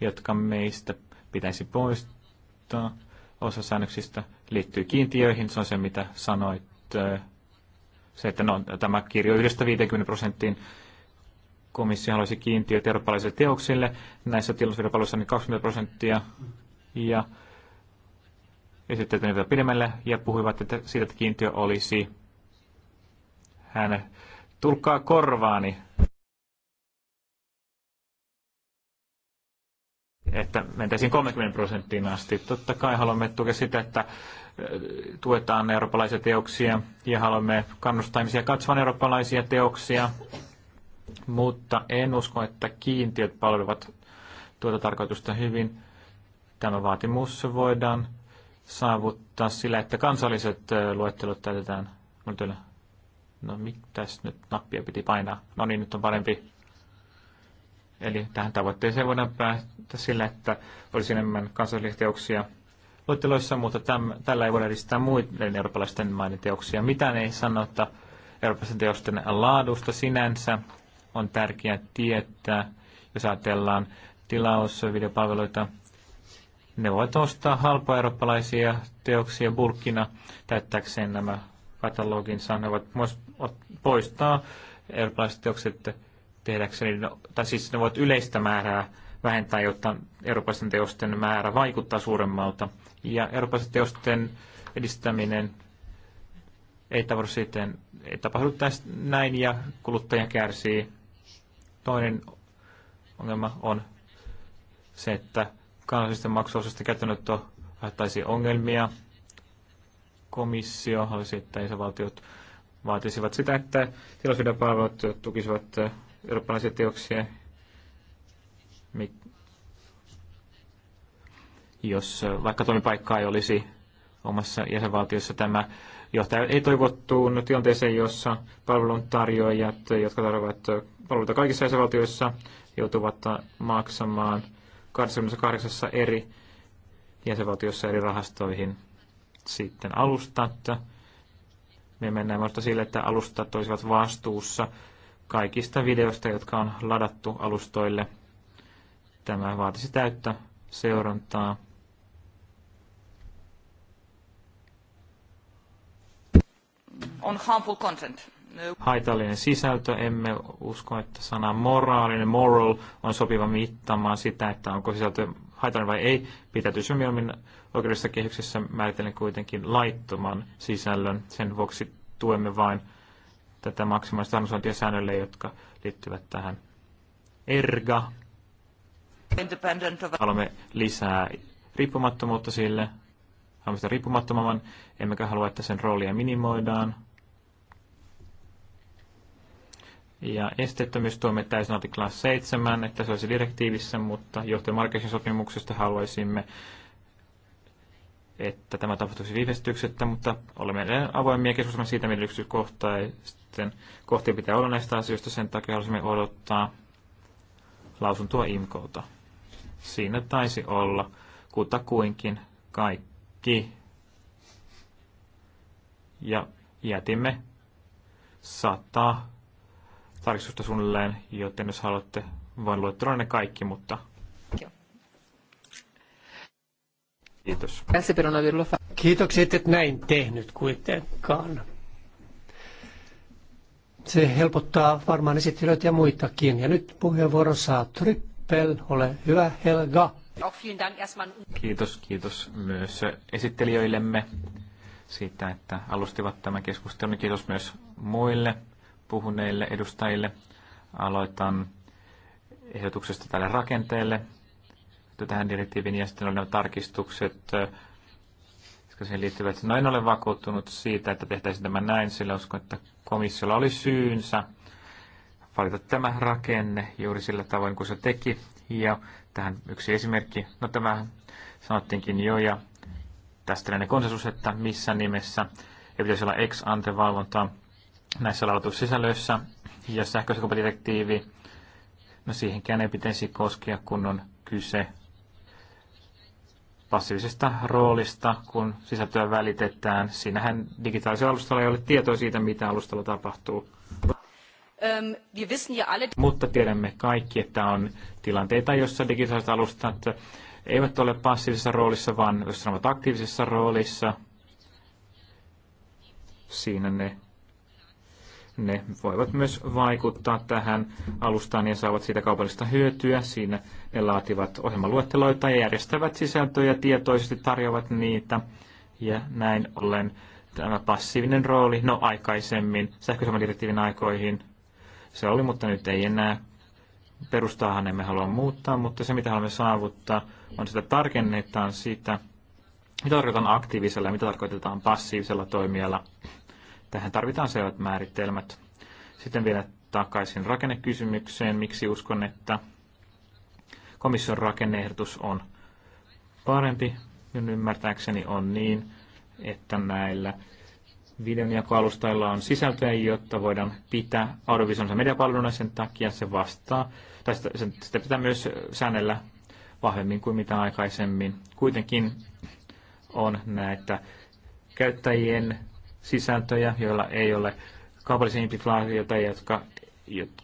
jotka meistä pitäisi poistaa. Osa säännöksistä liittyy kiintiöihin, se on se mitä sanoit. Äh, se, että no, tämä kirjo yhdestä 50 prosenttiin komissio haluaisi kiintiöt eurooppalaisille teoksille. Näissä tilasvirapalveluissa on 20 prosenttia ja esitteet menivät pidemmälle ja puhuivat että siitä, että kiintiö olisi hänen Tulkaa korvaani. Että mentäisiin 30 prosenttiin asti. Totta kai haluamme tukea sitä, että tuetaan eurooppalaisia teoksia ja haluamme kannustaa ihmisiä katsomaan eurooppalaisia teoksia, mutta en usko, että kiintiöt palvelevat tuota tarkoitusta hyvin. Tämä vaatimus voidaan saavuttaa sillä, että kansalliset luettelot täytetään. Mulla No mitäs nyt nappia piti painaa? No niin, nyt on parempi. Eli tähän tavoitteeseen voidaan päästä sillä, että olisi enemmän kansallisteoksia luetteloissa, mutta täm, tällä ei voida edistää muiden eurooppalaisten maiden teoksia. Mitään ei sanota eurooppalaisten teosten laadusta sinänsä. On tärkeää tietää, jos ajatellaan tilausvideopalveluita, ne voivat ostaa halpaa eurooppalaisia teoksia bulkkina täyttääkseen nämä kataloginsa. Ne voivat myös poistaa eurooppalaiset teokset tehdäkseen, no, tai siis ne voivat yleistä määrää vähentää, jotta eurooppalaisten teosten määrä vaikuttaa suuremmalta. Ja eurooppalaisten teosten edistäminen ei tapahdu siten, ei tapahdu tästä näin ja kuluttaja kärsii. Toinen ongelma on se, että kansallisten maksuosasta käytännöt on, ongelmia komissio olisi, että isävaltiot vaatisivat sitä, että tilaisuuden palvelut tukisivat eurooppalaisia teoksia, jos vaikka toimipaikka ei olisi omassa jäsenvaltiossa tämä johtaa ei-toivottuun tilanteeseen, jossa palveluntarjoajat, jotka tarjoavat palveluita kaikissa jäsenvaltioissa, joutuvat maksamaan 28 eri jäsenvaltiossa eri rahastoihin – sitten alustat. Me mennään vasta sille, että alustat olisivat vastuussa kaikista videoista, jotka on ladattu alustoille. Tämä vaatisi täyttä seurantaa. On harmful content. No. Haitallinen sisältö, emme usko, että sana moraalinen, moral, on sopiva mittaamaan sitä, että onko sisältö haitallinen vai ei, pitäytyisi mieluummin oikeudellisessa kehyksessä määritellen kuitenkin laittoman sisällön. Sen vuoksi tuemme vain tätä maksimaalista annosointia säännölle, jotka liittyvät tähän erga. Haluamme lisää riippumattomuutta sille. Haluamme sitä riippumattomamman, emmekä halua, että sen roolia minimoidaan. ja esteettömyystuomet täysin artiklaan 7, että se olisi direktiivissä, mutta johtuen Marrakesin sopimuksesta haluaisimme, että tämä tapahtuisi viivästyksettä, mutta olemme edelleen avoimia keskustelemaan siitä, millä yksityiskohtaisten kohtien pitää olla näistä asioista. Sen takia halusimme odottaa lausuntoa IMKOta. Siinä taisi olla kutakuinkin kaikki. Ja jätimme sata tarkistusta suunnilleen, joten jos haluatte, voin luettua ne kaikki, mutta... kiitos. Kiitos. Kiitokset, että näin tehnyt kuitenkaan. Se helpottaa varmaan esittelyitä ja muitakin. Ja nyt puheenvuoro saa Trippel. Ole hyvä, Helga. Kiitos, kiitos myös esittelijöillemme siitä, että alustivat tämän keskustelun. Kiitos myös muille puhuneille edustajille. Aloitan ehdotuksesta tälle rakenteelle tähän direktiivin ja sitten oli nämä tarkistukset, jotka siihen liittyvät. No en ole vakuuttunut siitä, että tehtäisiin tämä näin, sillä uskon, että komissiolla oli syynsä valita tämä rakenne juuri sillä tavoin kuin se teki. Ja tähän yksi esimerkki, no tämä sanottiinkin jo, ja tästä ne konsensus, että missä nimessä ei pitäisi olla ex-ante valvontaa näissä laavutussisällöissä ja sähkösekopadirektiivi, no siihenkään ei pitäisi koskea, kun on kyse passiivisesta roolista, kun sisältöä välitetään. Siinähän digitaalisella alustalla ei ole tietoa siitä, mitä alustalla tapahtuu. Ähm, Mutta tiedämme kaikki, että on tilanteita, joissa digitaaliset alustat eivät ole passiivisessa roolissa, vaan jos sanovat aktiivisessa roolissa. Siinä ne ne voivat myös vaikuttaa tähän alustaan ja saavat siitä kaupallista hyötyä. Siinä ne laativat ohjelmaluetteloita ja järjestävät sisältöjä, tietoisesti tarjoavat niitä ja näin ollen tämä passiivinen rooli, no aikaisemmin sähköisen direktiivin aikoihin se oli, mutta nyt ei enää. Perustaahan emme halua muuttaa, mutta se mitä haluamme saavuttaa on sitä tarkennetaan sitä, mitä tarkoitetaan aktiivisella ja mitä tarkoitetaan passiivisella toimijalla. Tähän tarvitaan selvät määritelmät. Sitten vielä takaisin rakennekysymykseen. Miksi uskon, että komission rakenneehdotus on parempi? Minun ymmärtääkseni on niin, että näillä videonjakoalustailla on sisältöjä, jotta voidaan pitää audiovisuaalisen mediapalveluna sen takia se vastaa, tai sitä pitää myös säännellä vahvemmin kuin mitä aikaisemmin. Kuitenkin on näitä käyttäjien sisältöjä, joilla ei ole kaupallisia implikaatioita, jotka,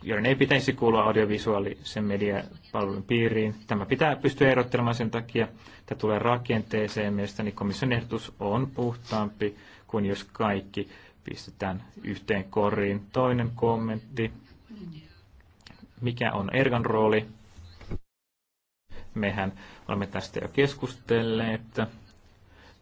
joiden ei pitäisi kuulua audiovisuaalisen mediapalvelun piiriin. Tämä pitää pystyä erottelemaan sen takia, että tulee rakenteeseen. Mielestäni komission ehdotus on puhtaampi kuin jos kaikki pistetään yhteen koriin. Toinen kommentti. Mikä on Ergan rooli? Mehän olemme tästä jo keskustelleet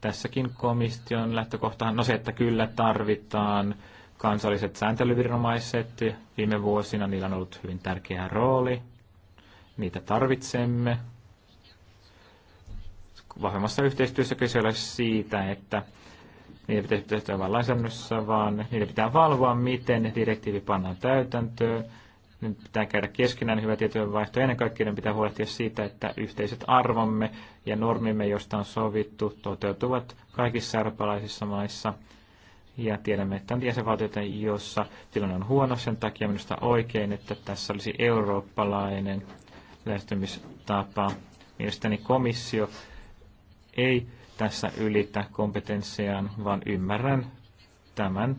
tässäkin komission lähtökohtahan, no se, että kyllä tarvitaan kansalliset sääntelyviranomaiset. Viime vuosina niillä on ollut hyvin tärkeä rooli. Niitä tarvitsemme. Vahvemmassa yhteistyössä kyse ole siitä, että niitä pitäisi tehdä vain lainsäädännössä, vaan niitä pitää valvoa, miten direktiivi pannaan täytäntöön nyt pitää käydä keskenään hyvä vaihto. Ennen kaikkea pitää huolehtia siitä, että yhteiset arvomme ja normimme, joista on sovittu, toteutuvat kaikissa eurooppalaisissa maissa. Ja tiedämme, että on jäsenvaltioita, joissa tilanne on huono. Sen takia minusta oikein, että tässä olisi eurooppalainen lähestymistapa. Mielestäni komissio ei tässä ylitä kompetenssiaan, vaan ymmärrän tämän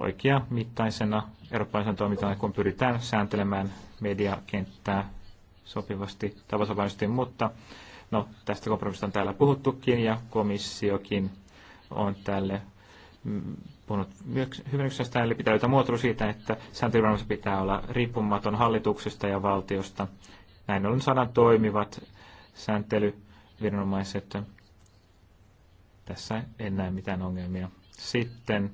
oikea mittaisena eurooppalaisen toimintaan, kun pyritään sääntelemään mediakenttää sopivasti tasapainoisesti, mutta no, tästä kompromissista on täällä puhuttukin ja komissiokin on tälle mm, puhunut hyväksyksestä, eli pitää löytää muotoilu siitä, että sääntelyviranomaisen pitää olla riippumaton hallituksesta ja valtiosta. Näin ollen saadaan toimivat sääntelyviranomaiset. Tässä en näe mitään ongelmia. Sitten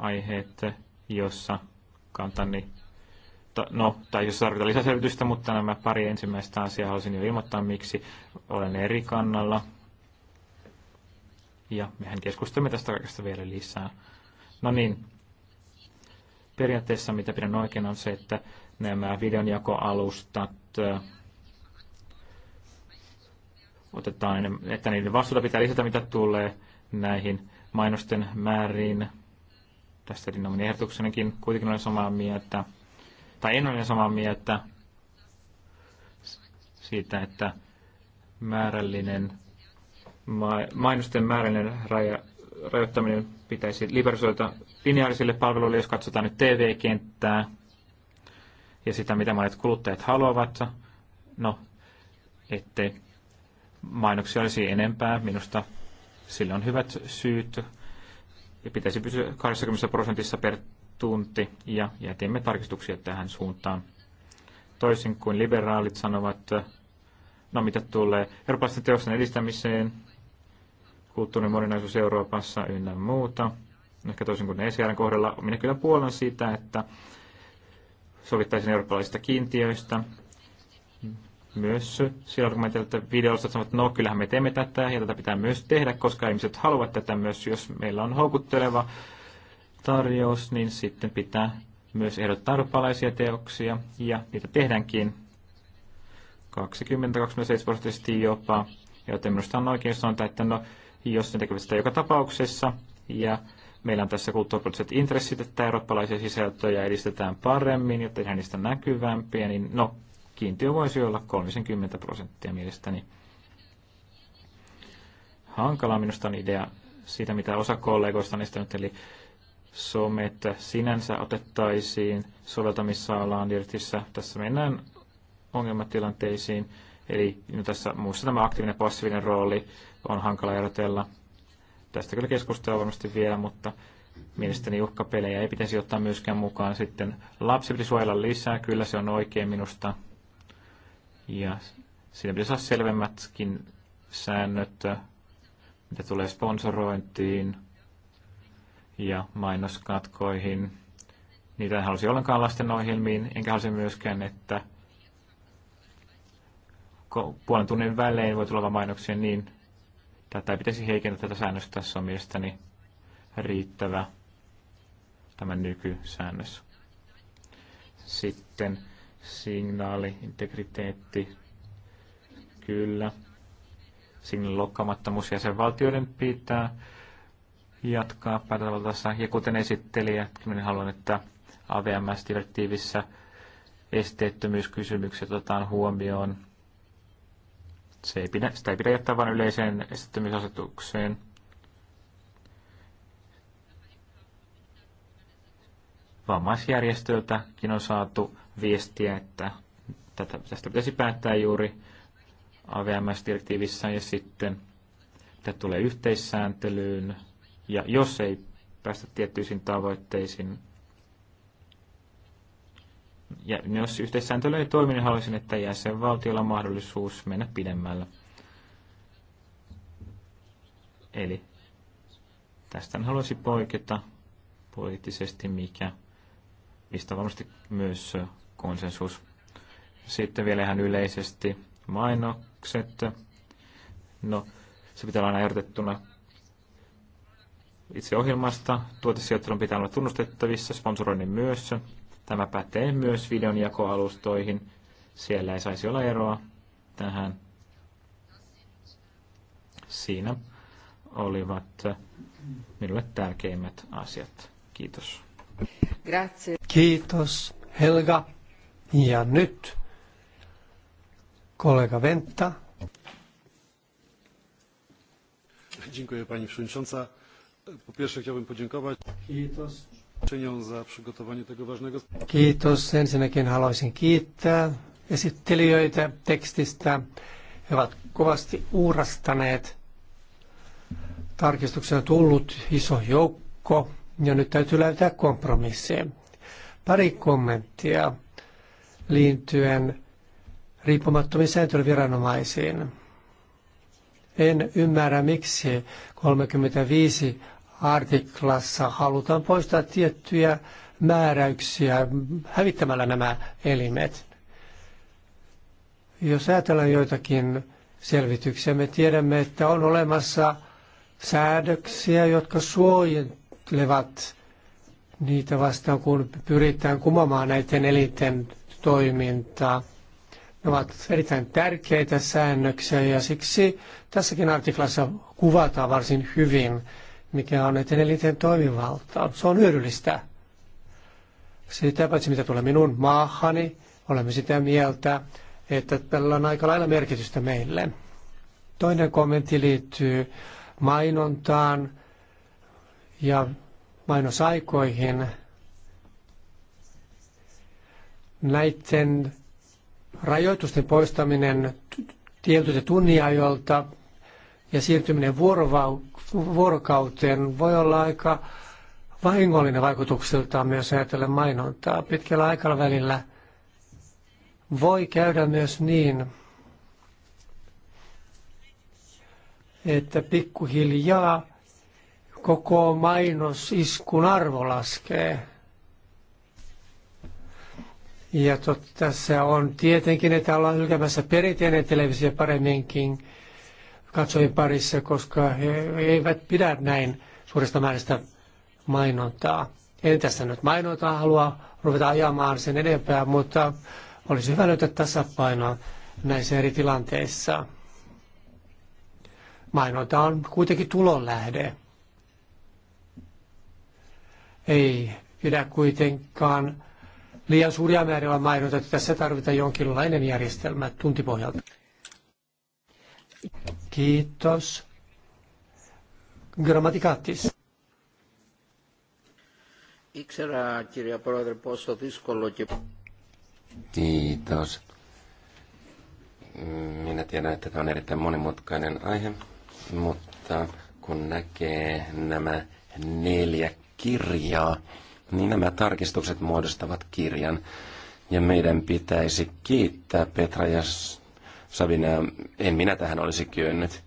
aiheet, jossa kantani, no, tai jos tarvitaan lisäselvitystä, mutta nämä pari ensimmäistä asiaa haluaisin jo ilmoittaa, miksi olen eri kannalla. Ja mehän keskustelemme tästä kaikesta vielä lisää. No niin, periaatteessa mitä pidän oikein on se, että nämä videonjakoalustat äh, otetaan, että niiden vastuuta pitää lisätä, mitä tulee näihin mainosten määriin tästä Dinomin ehdotuksenakin. Kuitenkin olen samaa mieltä, tai en ole samaa mieltä siitä, että määrällinen, mainosten määrällinen raja, rajoittaminen pitäisi liberalisoida lineaarisille palveluille, jos katsotaan nyt TV-kenttää ja sitä, mitä monet kuluttajat haluavat. No, ettei mainoksia olisi enempää. Minusta sillä on hyvät syyt ja pitäisi pysyä 20 prosentissa per tunti ja jätimme tarkistuksia tähän suuntaan. Toisin kuin liberaalit sanovat, no mitä tulee eurooppalaisten teosten edistämiseen, kulttuurin moninaisuus Euroopassa ynnä muuta. Ehkä toisin kuin ECRn kohdalla, minä kyllä puolan siitä, että sovittaisiin eurooppalaisista kiintiöistä myös sillä argumentilla, että videosta sanovat, että no kyllähän me teemme tätä ja tätä pitää myös tehdä, koska ihmiset haluavat tätä myös, jos meillä on houkutteleva tarjous, niin sitten pitää myös ehdottaa rupalaisia teoksia ja niitä tehdäänkin 20-27 prosenttisesti jopa, joten minusta on oikein sanota, että no, jos ne tekevät sitä joka tapauksessa ja meillä on tässä kulttuuripoliittiset intressit, että eurooppalaisia sisältöjä edistetään paremmin, jotta ihan niistä näkyvämpiä, niin no, kiintiö voisi olla 30 prosenttia mielestäni. Hankala minusta on idea siitä, mitä osa kollegoista on esittänyt, eli somet sinänsä otettaisiin soveltamisalaan direktissä. Tässä mennään ongelmatilanteisiin, eli no tässä muussa tämä aktiivinen passiivinen rooli on hankala erotella. Tästä kyllä keskustellaan varmasti vielä, mutta mielestäni uhkapelejä ei pitäisi ottaa myöskään mukaan. Sitten lapsi pitäisi suojella lisää, kyllä se on oikein minusta. Ja siinä pitäisi olla selvemmätkin säännöt, mitä tulee sponsorointiin ja mainoskatkoihin. Niitä en halusi ollenkaan lasten ohjelmiin, enkä halusi myöskään, että puolen tunnin välein voi tulla mainoksia, niin tätä ei pitäisi heikentää tätä säännöstä. Tässä on mielestäni riittävä tämä nykysäännös. Sitten signaali, integriteetti, kyllä. Signaali loukkaamattomuus jäsenvaltioiden pitää jatkaa päätäntävaltaansa. Ja kuten esittelijä, minä haluan, että AVMS-direktiivissä esteettömyyskysymykset otetaan huomioon. Se ei pidä, sitä ei pidä jättää vain yleiseen esteettömyysasetukseen – vammaisjärjestöiltäkin on saatu viestiä, että tätä, tästä pitäisi päättää juuri AVMS-direktiivissä ja sitten tämä tulee yhteissääntelyyn ja jos ei päästä tiettyisiin tavoitteisiin, ja jos yhteissääntely ei toimi, niin haluaisin, että jäsenvaltiolla on mahdollisuus mennä pidemmällä. Eli tästä haluaisin poiketa poliittisesti, mikä mistä varmasti myös konsensus. Sitten vielä ihan yleisesti mainokset. No, se pitää olla aina erotettuna itse ohjelmasta. Tuotesijoittelun pitää olla tunnustettavissa, sponsoroinnin myös. Tämä pätee myös videon jakoalustoihin. Siellä ei saisi olla eroa tähän. Siinä olivat minulle tärkeimmät asiat. Kiitos. Grazie. Kiitos Helga. Ja nyt kollega Venta. Dziękuję Pani Przewodnicząca. Po pierwsze chciałbym podziękować. Kiitos. Za przygotowanie tego ważnego... Kiitos. Ensinnäkin haluaisin kiittää esittelijöitä tekstistä. He ovat kovasti uurastaneet. Tarkistuksena tullut iso joukko ja nyt täytyy löytää kompromisseja. Pari kommenttia liittyen riippumattomiin sääntelyviranomaisiin. En ymmärrä, miksi 35 artiklassa halutaan poistaa tiettyjä määräyksiä hävittämällä nämä elimet. Jos ajatellaan joitakin selvityksiä, me tiedämme, että on olemassa säädöksiä, jotka suojentavat taistelevat niitä vastaan, kun pyritään kumomaan näiden elinten toimintaa. Ne ovat erittäin tärkeitä säännöksiä ja siksi tässäkin artiklassa kuvataan varsin hyvin, mikä on näiden elinten toimivaltaa. Se on hyödyllistä. Sitä paitsi mitä tulee minun maahani, olemme sitä mieltä, että tällä on aika lailla merkitystä meille. Toinen kommentti liittyy mainontaan ja mainosaikoihin. Näiden rajoitusten poistaminen tietyltä tunniajoilta ja siirtyminen vuorokauteen voi olla aika vahingollinen vaikutuksiltaan myös ajatellen mainontaa. Pitkällä aikavälillä voi käydä myös niin, että pikkuhiljaa koko mainosiskun arvo laskee. Ja tot, tässä on tietenkin, että ollaan hylkämässä perinteinen televisio paremminkin katsojien parissa, koska he eivät pidä näin suuresta määrästä mainontaa. En tässä nyt mainontaa halua ruveta ajamaan sen enempää, mutta olisi hyvä löytää tasapainoa näissä eri tilanteissa. Mainonta on kuitenkin tulonlähde. Ei pidä kuitenkaan liian suuria määriä mainita, tässä tarvitaan jonkinlainen järjestelmä tuntipohjalta. Kiitos. Grammatikaattis. Ήξερα, κύριε Πρόεδρε, πόσο δύσκολο και... Kiitos. Minä tiedän, että tämä on erittäin monimutkainen aihe, mutta kun näkee nämä neljä kirjaa, niin nämä tarkistukset muodostavat kirjan. Ja meidän pitäisi kiittää Petra ja Sabina. En minä tähän olisi kyennyt.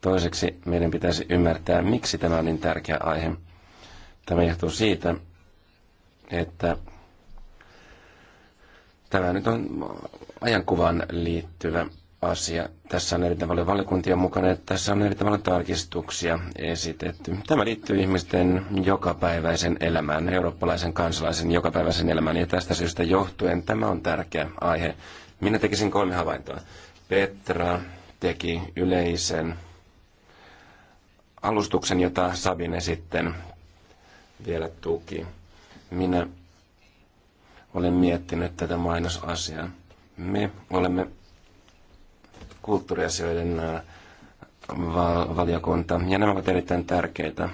Toiseksi meidän pitäisi ymmärtää, miksi tämä on niin tärkeä aihe. Tämä johtuu siitä, että tämä nyt on ajankuvan liittyvä asia. Tässä on erittäin paljon valiokuntia mukana ja tässä on erittäin paljon tarkistuksia esitetty. Tämä liittyy ihmisten jokapäiväisen elämään, eurooppalaisen kansalaisen jokapäiväisen elämään ja tästä syystä johtuen tämä on tärkeä aihe. Minä tekisin kolme havaintoa. Petra teki yleisen alustuksen, jota Sabine sitten vielä tuki. Minä olen miettinyt tätä mainosasiaa. Me olemme kulttuuriasioiden valiokunta. Ja nämä ovat erittäin tärkeitä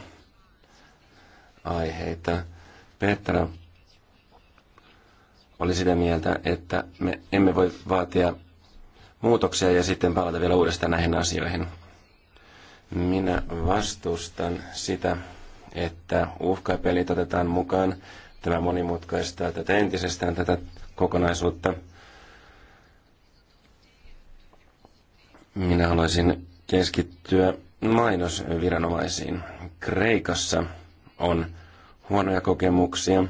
aiheita. Petra oli sitä mieltä, että me emme voi vaatia muutoksia ja sitten palata vielä uudestaan näihin asioihin. Minä vastustan sitä, että uhkapelit otetaan mukaan. Tämä monimutkaistaa tätä entisestään tätä kokonaisuutta – Minä haluaisin keskittyä mainosviranomaisiin. Kreikassa on huonoja kokemuksia.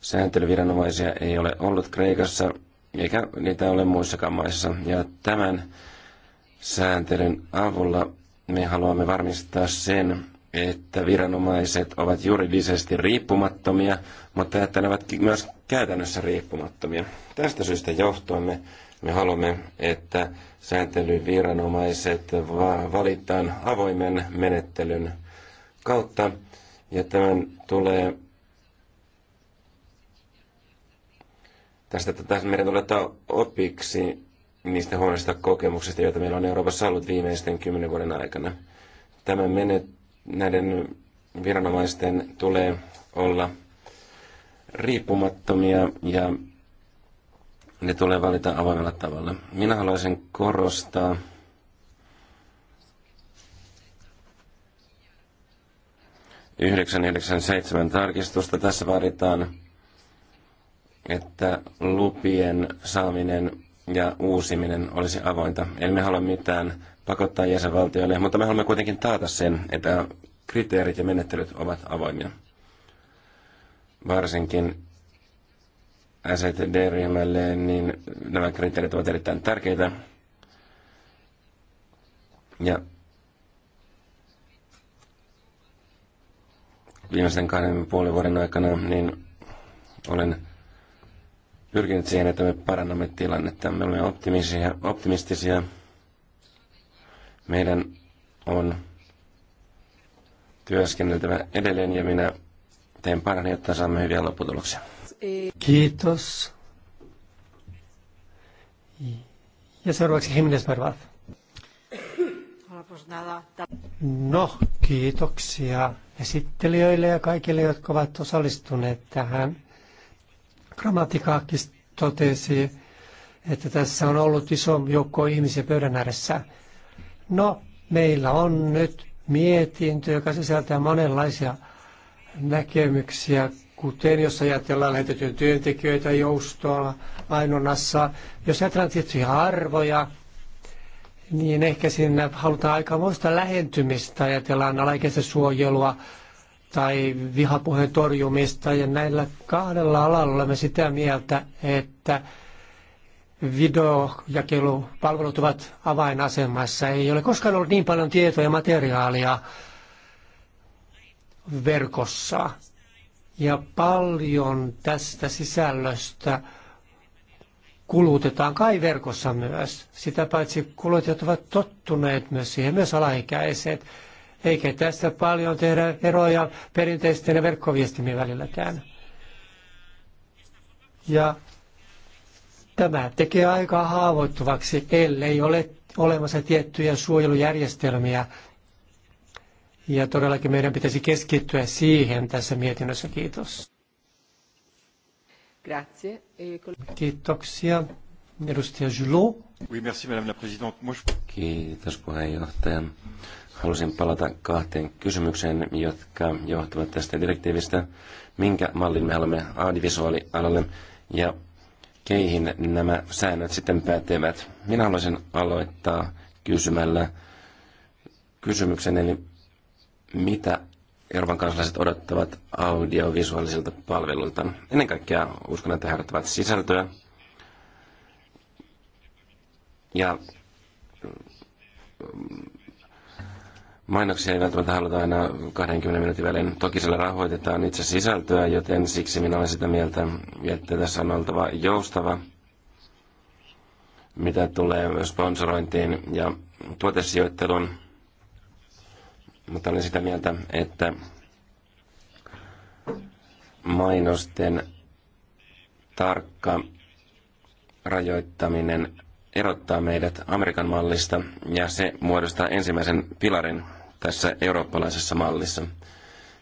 Sääntelyviranomaisia ei ole ollut Kreikassa, eikä niitä ole muissakaan maissa. Ja tämän sääntelyn avulla me haluamme varmistaa sen, että viranomaiset ovat juridisesti riippumattomia, mutta että ne ovat myös käytännössä riippumattomia. Tästä syystä johtuen me me haluamme, että sääntelyviranomaiset valitaan avoimen menettelyn kautta, ja tämän tulee tästä, tästä meidän tulee ottaa opiksi niistä huonoista kokemuksista, joita meillä on Euroopassa ollut viimeisten kymmenen vuoden aikana. Tämän menet, näiden viranomaisten tulee olla riippumattomia ja ne tulee valita avoimella tavalla. Minä haluaisin korostaa yhdeksän seitsemän tarkistusta. Tässä vaaditaan, että lupien saaminen ja uusiminen olisi avointa. Emme halua mitään pakottaa jäsenvaltioille, mutta me haluamme kuitenkin taata sen, että kriteerit ja menettelyt ovat avoimia. Varsinkin SED-ryhmälle, niin nämä kriteerit ovat erittäin tärkeitä. Ja viimeisen kahden puolen vuoden aikana niin olen pyrkinyt siihen, että me parannamme tilannetta. Me olemme optimistisia, optimistisia. Meidän on työskenneltävä edelleen ja minä teen parani, jotta saamme hyviä lopputuloksia. Kiitos. Ja seuraavaksi pues nada. No, kiitoksia esittelijöille ja kaikille, jotka ovat osallistuneet tähän. Grammatikaakis totesi, että tässä on ollut iso joukko ihmisiä pöydän ääressä. No, meillä on nyt mietintö, joka sisältää monenlaisia näkemyksiä Kuten jos ajatellaan lähetetyn työntekijöitä, joustoa mainonnassa, jos ajatellaan tiettyjä arvoja, niin ehkä siinä halutaan muista lähentymistä, ajatellaan alaikäisen suojelua tai vihapuheen torjumista. Ja näillä kahdella alalla olemme sitä mieltä, että videojakelupalvelut ovat avainasemassa. Ei ole koskaan ollut niin paljon tietoa ja materiaalia verkossa ja paljon tästä sisällöstä kulutetaan kai verkossa myös. Sitä paitsi kuluttajat ovat tottuneet myös siihen, myös alaikäiset. Eikä tästä paljon tehdä eroja perinteisten ja verkkoviestimien välilläkään. Ja tämä tekee aika haavoittuvaksi, ellei ole olemassa tiettyjä suojelujärjestelmiä – ja todellakin meidän pitäisi keskittyä siihen tässä mietinnössä. Kiitos. E Kiitoksia. Edustaja Julot. Kiitos puheenjohtaja. Halusin palata kahteen kysymykseen, jotka johtuvat tästä direktiivistä. Minkä mallin me haluamme audiovisuaalialalle ja keihin nämä säännöt sitten pätevät? Minä haluaisin aloittaa kysymällä kysymyksen, eli mitä Euroopan kansalaiset odottavat audiovisuaalisilta palveluilta. Ennen kaikkea uskon, että he odottavat sisältöä. Ja mm, mainoksia ei välttämättä haluta aina 20 minuutin välein. Toki sillä rahoitetaan itse sisältöä, joten siksi minä olen sitä mieltä, että tässä on oltava joustava, mitä tulee sponsorointiin ja tuotesijoitteluun. Mutta olen sitä mieltä, että mainosten tarkka rajoittaminen erottaa meidät Amerikan mallista ja se muodostaa ensimmäisen pilarin tässä eurooppalaisessa mallissa.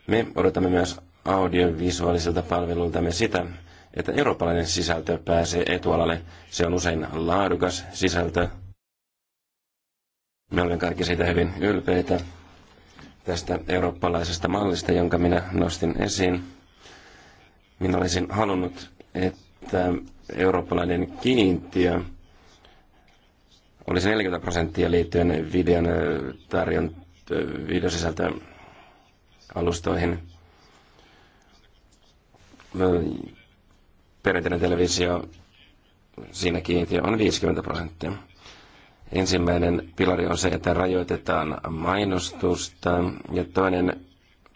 Me odotamme myös audiovisuaalisilta palveluiltamme sitä, että eurooppalainen sisältö pääsee etualalle. Se on usein laadukas sisältö. Me olemme kaikki siitä hyvin ylpeitä tästä eurooppalaisesta mallista, jonka minä nostin esiin. Minä olisin halunnut, että eurooppalainen kiintiö olisi 40 prosenttia liittyen videon tarjon, videosisältöön alustoihin. Perinteinen televisio, siinä kiintiö on 50 prosenttia. Ensimmäinen pilari on se, että rajoitetaan mainostusta ja toinen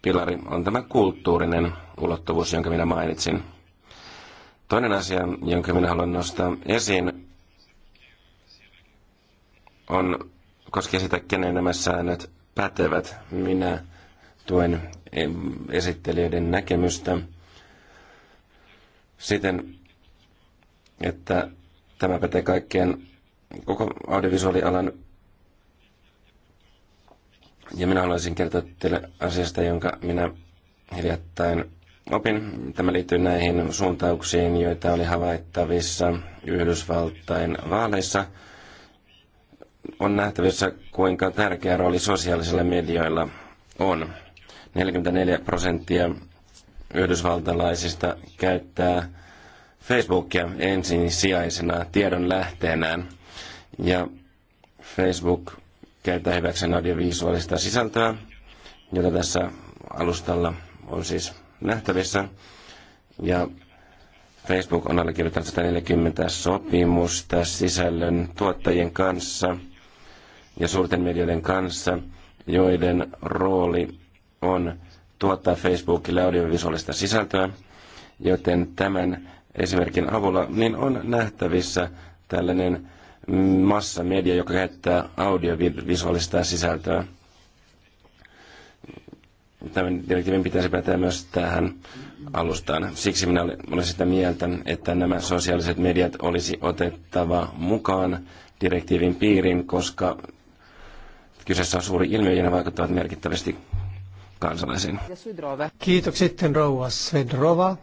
pilari on tämä kulttuurinen ulottuvuus, jonka minä mainitsin. Toinen asia, jonka minä haluan nostaa esiin, on koskee sitä, kenen nämä säännöt pätevät. Minä tuen esittelijöiden näkemystä siten, että tämä pätee kaikkien koko audiovisuaalialan. Ja minä haluaisin kertoa teille asiasta, jonka minä hiljattain opin. Tämä liittyy näihin suuntauksiin, joita oli havaittavissa Yhdysvaltain vaaleissa. On nähtävissä, kuinka tärkeä rooli sosiaalisilla medioilla on. 44 prosenttia yhdysvaltalaisista käyttää Facebookia ensisijaisena tiedon lähteenään ja Facebook käyttää hyväksi audiovisuaalista sisältöä, jota tässä alustalla on siis nähtävissä. Ja Facebook on allekirjoittanut 140 sopimusta sisällön tuottajien kanssa ja suurten medioiden kanssa, joiden rooli on tuottaa Facebookille audiovisuaalista sisältöä, joten tämän esimerkin avulla niin on nähtävissä tällainen massamedia, joka käyttää audiovisuaalista sisältöä. Tämän direktiivin pitäisi päteä myös tähän alustaan. Siksi minä olen sitä mieltä, että nämä sosiaaliset mediat olisi otettava mukaan direktiivin piiriin, koska kyseessä on suuri ilmiö ja ne vaikuttavat merkittävästi kansalaisiin. Kiitoksia sitten rouva Svedrova.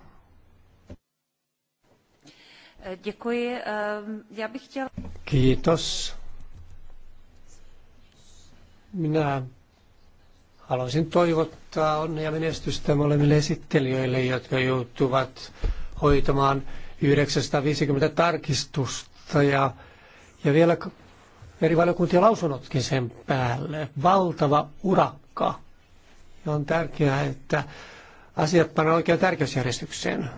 Děkuji. Ehm, já bych chtěla... Kiitos. Minä haluaisin toivottaa onnea menestystä molemmille esittelijöille, jotka joutuvat hoitamaan 950 tarkistusta ja, ja vielä eri valiokuntien lausunnotkin sen päälle. Valtava urakka. Ja on tärkeää, että asiat pannaan oikein tärkeysjärjestykseen.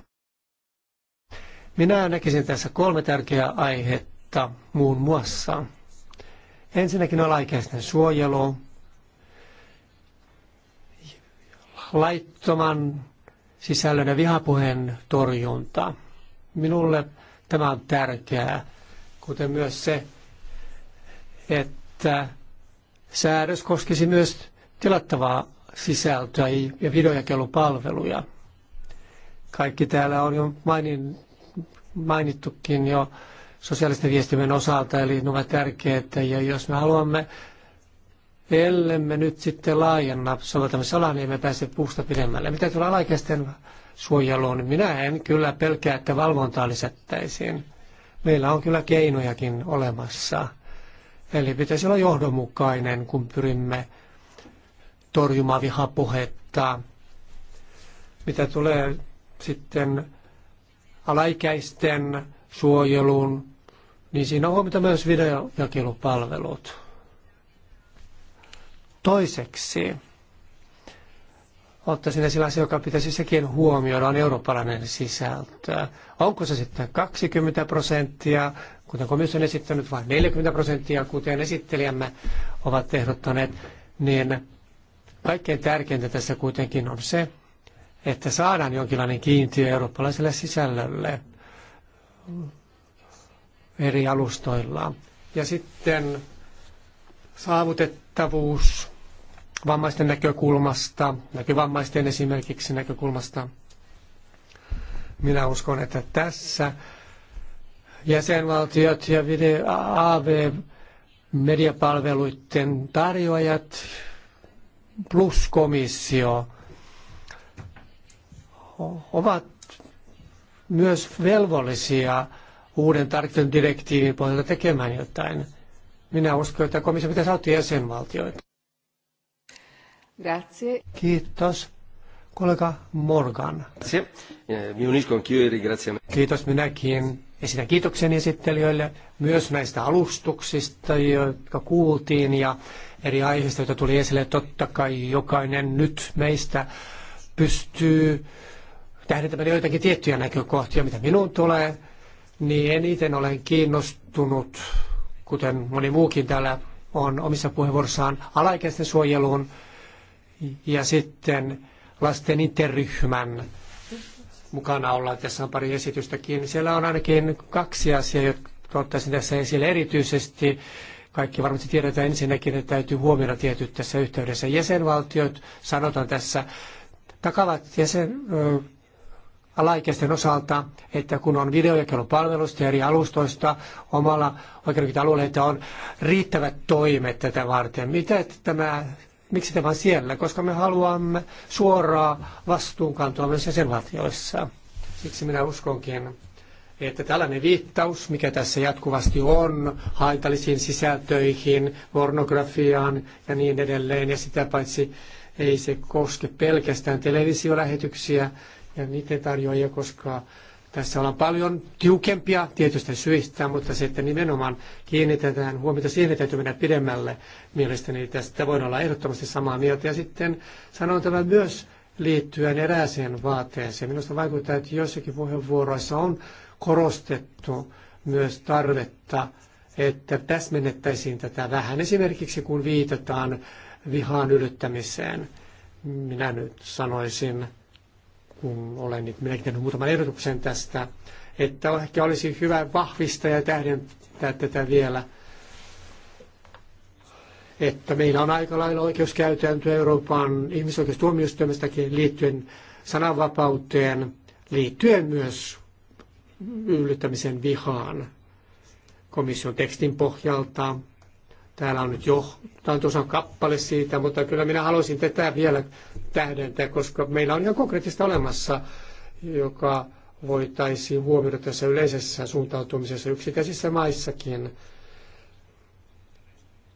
Minä näkisin tässä kolme tärkeää aihetta muun muassa. Ensinnäkin alaikäisten suojelu, laittoman sisällön ja vihapuheen torjunta. Minulle tämä on tärkeää, kuten myös se, että säädös koskisi myös tilattavaa sisältöä ja videojakelupalveluja. Kaikki täällä on jo mainin, mainittukin jo sosiaalisten viestimen osalta, eli ne ovat tärkeitä. Ja jos me haluamme, ellemme nyt sitten laajenna soveltamisalaa, niin emme pääse puusta pidemmälle. Mitä tulee alaikäisten suojeluun, niin minä en kyllä pelkää, että valvontaa lisättäisiin. Meillä on kyllä keinojakin olemassa. Eli pitäisi olla johdonmukainen, kun pyrimme torjumaan vihapuhetta. Mitä tulee sitten alaikäisten suojeluun, niin siinä on huomioita myös videojakelupalvelut. Toiseksi, ottaisin esille asia, joka pitäisi sekin huomioida, on eurooppalainen sisältö. Onko se sitten 20 prosenttia, kuten komissio on esittänyt, vai 40 prosenttia, kuten esittelijämme ovat ehdottaneet, niin kaikkein tärkeintä tässä kuitenkin on se, että saadaan jonkinlainen kiintiö eurooppalaiselle sisällölle eri alustoilla. Ja sitten saavutettavuus vammaisten näkökulmasta, näkövammaisten esimerkiksi näkökulmasta. Minä uskon, että tässä jäsenvaltiot ja AV-mediapalveluiden tarjoajat plus komissio – ovat myös velvollisia uuden tarkistetun direktiivin pohjalta tekemään jotain. Minä uskon, että komissio pitäisi auttaa jäsenvaltioita. Grazie. Kiitos. Kollega Morgan. Eh, Kiitos minäkin. Esitän kiitoksen esittelijöille myös näistä alustuksista, jotka kuultiin ja eri aiheista, joita tuli esille. Totta kai jokainen nyt meistä pystyy tähdentämään joitakin tiettyjä näkökohtia, mitä minun tulee, niin eniten olen kiinnostunut, kuten moni muukin täällä on omissa puheenvuorossaan, alaikäisten suojeluun ja sitten lasten interryhmän mukana ollaan. Tässä on pari esitystäkin. Siellä on ainakin kaksi asiaa, jotka ottaisin tässä esille erityisesti. Kaikki varmasti tiedetään ensinnäkin, että täytyy huomioida tietyt tässä yhteydessä. Jäsenvaltiot, sanotaan tässä, takavat jäsen, alaikäisten osalta, että kun on videojakelupalvelusta ja eri alustoista omalla oikeudenkäyntialueella, että on riittävät toimet tätä varten. Mitä tämä, miksi tämä on siellä? Koska me haluamme suoraa vastuunkantoa myös jäsenvaltioissa. Siksi minä uskonkin, että tällainen viittaus, mikä tässä jatkuvasti on, haitallisiin sisältöihin, pornografiaan ja niin edelleen, ja sitä paitsi ei se koske pelkästään televisiolähetyksiä, ja niiden tarjoajia, koska tässä ollaan paljon tiukempia tietystä syistä, mutta sitten nimenomaan kiinnitetään huomiota siihen, että täytyy mennä pidemmälle mielestäni. Tästä voidaan olla ehdottomasti samaa mieltä. Ja sitten sanon tämän myös liittyen erääseen vaateeseen. Minusta vaikuttaa, että joissakin puheenvuoroissa on korostettu myös tarvetta, että täsmennettäisiin tätä vähän. Esimerkiksi kun viitataan vihaan yllyttämiseen, minä nyt sanoisin, kun olen nyt minäkin tehnyt muutaman ehdotuksen tästä, että ehkä olisi hyvä vahvistaa ja tähdentää tätä vielä, että meillä on aika lailla oikeuskäytäntö Euroopan ihmisoikeustuomioistuimestakin liittyen sananvapauteen, liittyen myös yllyttämisen vihaan komission tekstin pohjalta Täällä on nyt jo tuossa kappale siitä, mutta kyllä minä haluaisin tätä vielä tähdentää, koska meillä on ihan konkreettista olemassa, joka voitaisiin huomioida tässä yleisessä suuntautumisessa yksittäisissä maissakin.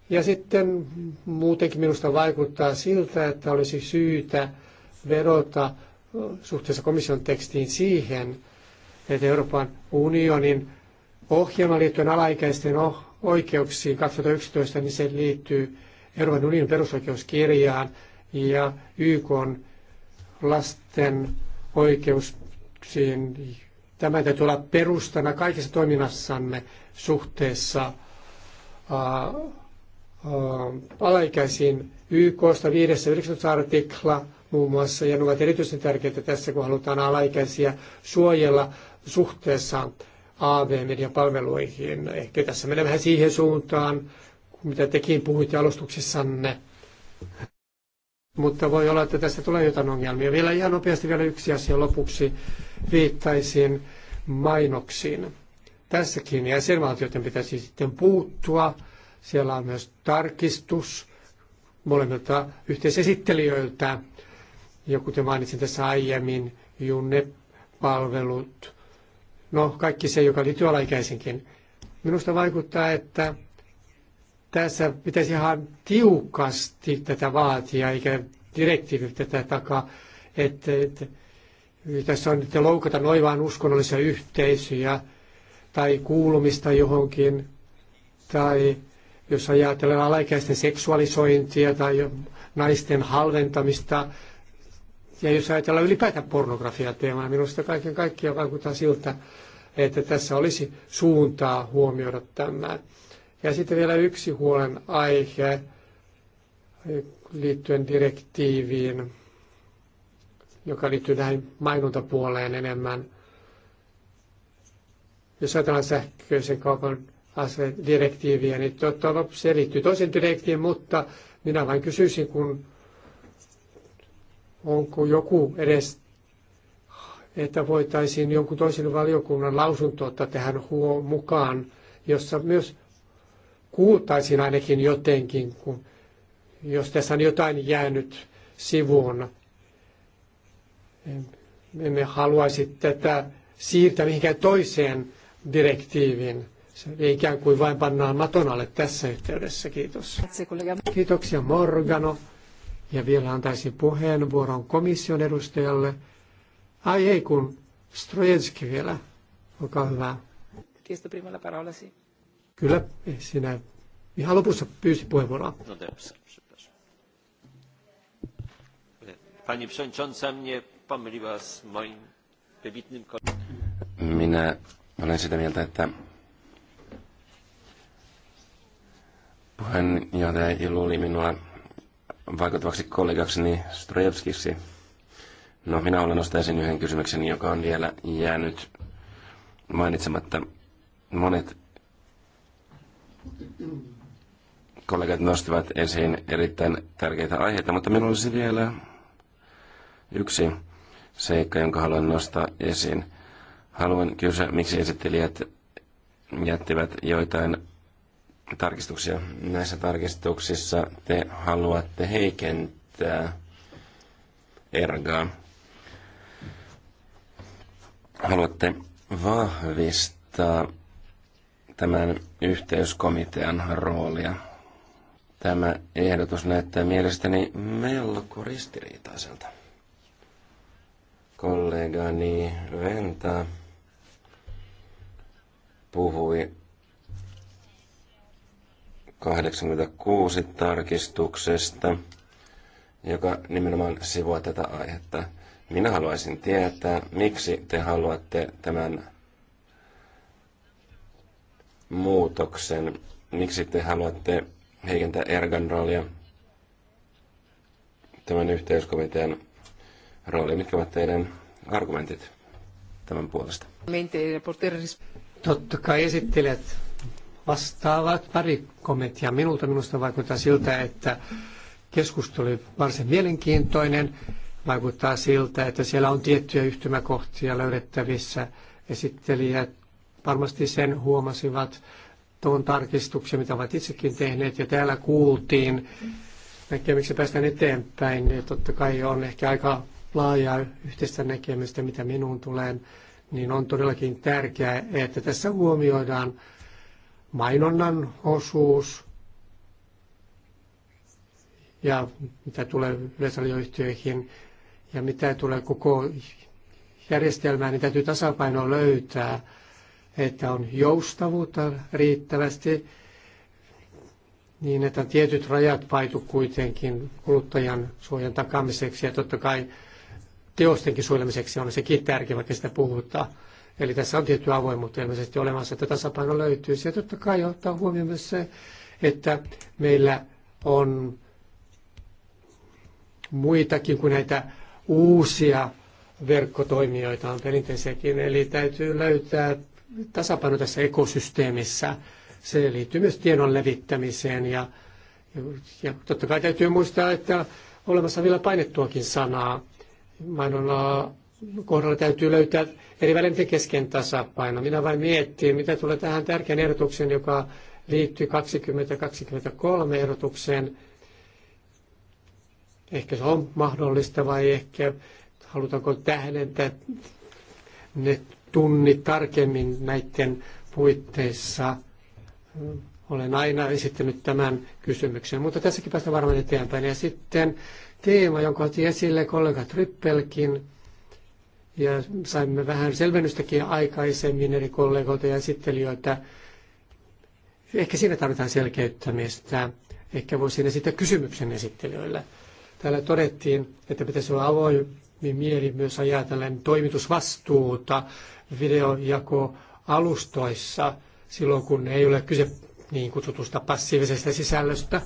Ja sitten muutenkin minusta vaikuttaa siltä, että olisi syytä vedota suhteessa komission tekstiin siihen, että Euroopan unionin ohjelman liittyen alaikäisten oh- oikeuksiin 2011, niin se liittyy Euroopan unionin perusoikeuskirjaan ja YK on lasten oikeuksiin. Tämä täytyy olla perustana kaikessa toiminnassamme suhteessa alaikäisiin YKsta 5.19 artikla muun muassa, ja ne ovat erityisen tärkeitä tässä, kun halutaan alaikäisiä suojella suhteessa AV-median palveluihin. Ehkä tässä menee vähän siihen suuntaan, mitä tekin puhuitte alustuksessanne. Mutta voi olla, että tästä tulee jotain ongelmia. Vielä ihan nopeasti vielä yksi asia lopuksi viittaisin mainoksiin. Tässäkin jäsenvaltioiden pitäisi sitten puuttua. Siellä on myös tarkistus molemmilta yhteisesittelijöiltä. Ja kuten mainitsin tässä aiemmin, Junne-palvelut no kaikki se, joka liittyy alaikäisenkin. Minusta vaikuttaa, että tässä pitäisi ihan tiukasti tätä vaatia, eikä direktiivi tätä takaa, että, että tässä on, että loukata noin vain uskonnollisia yhteisöjä tai kuulumista johonkin, tai jos ajatellaan alaikäisten seksuaalisointia tai naisten halventamista, ja jos ajatellaan ylipäätään pornografiateemaa, niin minusta kaiken kaikkiaan vaikuttaa siltä, että tässä olisi suuntaa huomioida tämä. Ja sitten vielä yksi huolen aihe liittyen direktiiviin, joka liittyy tähän mainontapuoleen enemmän. Jos ajatellaan sähköisen kaupan direktiiviä, niin totta, se liittyy toisen direktiiviin, mutta minä vain kysyisin, kun Onko joku edes, että voitaisiin jonkun toisen valiokunnan lausunto ottaa tähän huo mukaan, jossa myös kuultaisiin ainakin jotenkin, kun, jos tässä on jotain jäänyt sivuun. Emme haluaisi tätä siirtää mihinkään toiseen direktiiviin. Se ikään kuin vain pannaan maton alle tässä yhteydessä. Kiitos. Kiitoksia Morgano. Ja vielä antaisin puheenvuoron komission edustajalle. Ai ei, kun Strojenski vielä. Olkaa hyvä. Tiesto primalla parolasi. Kyllä, sinä ihan lopussa pyysi puheenvuoroa. No, Panie przewodnicząca, mnie pomyliła z moim wybitnym Minä olen sitä mieltä, että puheenjohtaja luuli minua vaikuttavaksi kollegakseni Strelskissi. No, minä olen nostaisin yhden kysymyksen, joka on vielä jäänyt mainitsematta. Monet kollegat nostivat esiin erittäin tärkeitä aiheita, mutta minulla olisi vielä yksi seikka, jonka haluan nostaa esiin. Haluan kysyä, miksi esittelijät jättivät joitain tarkistuksia. Näissä tarkistuksissa te haluatte heikentää ergaa. Haluatte vahvistaa tämän yhteyskomitean roolia. Tämä ehdotus näyttää mielestäni melko ristiriitaiselta. Kollegani Venta puhui 86 tarkistuksesta, joka nimenomaan sivua tätä aihetta. Minä haluaisin tietää, miksi te haluatte tämän muutoksen, miksi te haluatte heikentää Ergan roolia, tämän yhteiskomitean roolia, mitkä ovat teidän argumentit tämän puolesta. Totta kai esittelet vastaavat pari kommenttia minulta. Minusta vaikuttaa siltä, että keskustelu oli varsin mielenkiintoinen. Vaikuttaa siltä, että siellä on tiettyjä yhtymäkohtia löydettävissä. Esittelijät varmasti sen huomasivat tuon tarkistuksen, mitä ovat itsekin tehneet. Ja täällä kuultiin näkemyksiä päästään eteenpäin. Ja totta kai on ehkä aika laajaa yhteistä näkemystä, mitä minuun tulee niin on todellakin tärkeää, että tässä huomioidaan mainonnan osuus ja mitä tulee yleisradioyhtiöihin ja mitä tulee koko järjestelmään, niin täytyy tasapaino löytää, että on joustavuutta riittävästi niin, että tietyt rajat paitu kuitenkin kuluttajan suojan takaamiseksi ja totta kai teostenkin suojelemiseksi on sekin tärkeä, vaikka sitä puhutaan. Eli tässä on tietty avoimuutta ilmeisesti olemassa, että tasapaino löytyy. Ja totta kai ottaa huomioon myös se, että meillä on muitakin kuin näitä uusia verkkotoimijoita on perinteisiäkin. Eli täytyy löytää tasapaino tässä ekosysteemissä. Se liittyy myös tiedon levittämiseen ja, ja totta kai täytyy muistaa, että olemassa vielä painettuakin sanaa. Mainonnan kohdalla täytyy löytää eri välineiden kesken tasapaino. Minä vain miettii, mitä tulee tähän tärkeän ehdotukseen, joka liittyy 2023 ehdotukseen. Ehkä se on mahdollista vai ehkä halutaanko tähdentää ne tunnit tarkemmin näiden puitteissa. Olen aina esittänyt tämän kysymyksen, mutta tässäkin päästään varmaan eteenpäin. Ja sitten teema, jonka otti esille kollega Trippelkin, ja saimme vähän selvennystäkin aikaisemmin eri kollegoilta ja esittelijöiltä. Ehkä siinä tarvitaan selkeyttämistä. Ehkä voisin esittää kysymyksen esittelijöille. Täällä todettiin, että pitäisi olla avoin mieli myös ajatellen toimitusvastuuta alustoissa, silloin, kun ei ole kyse niin kutsutusta passiivisesta sisällöstä,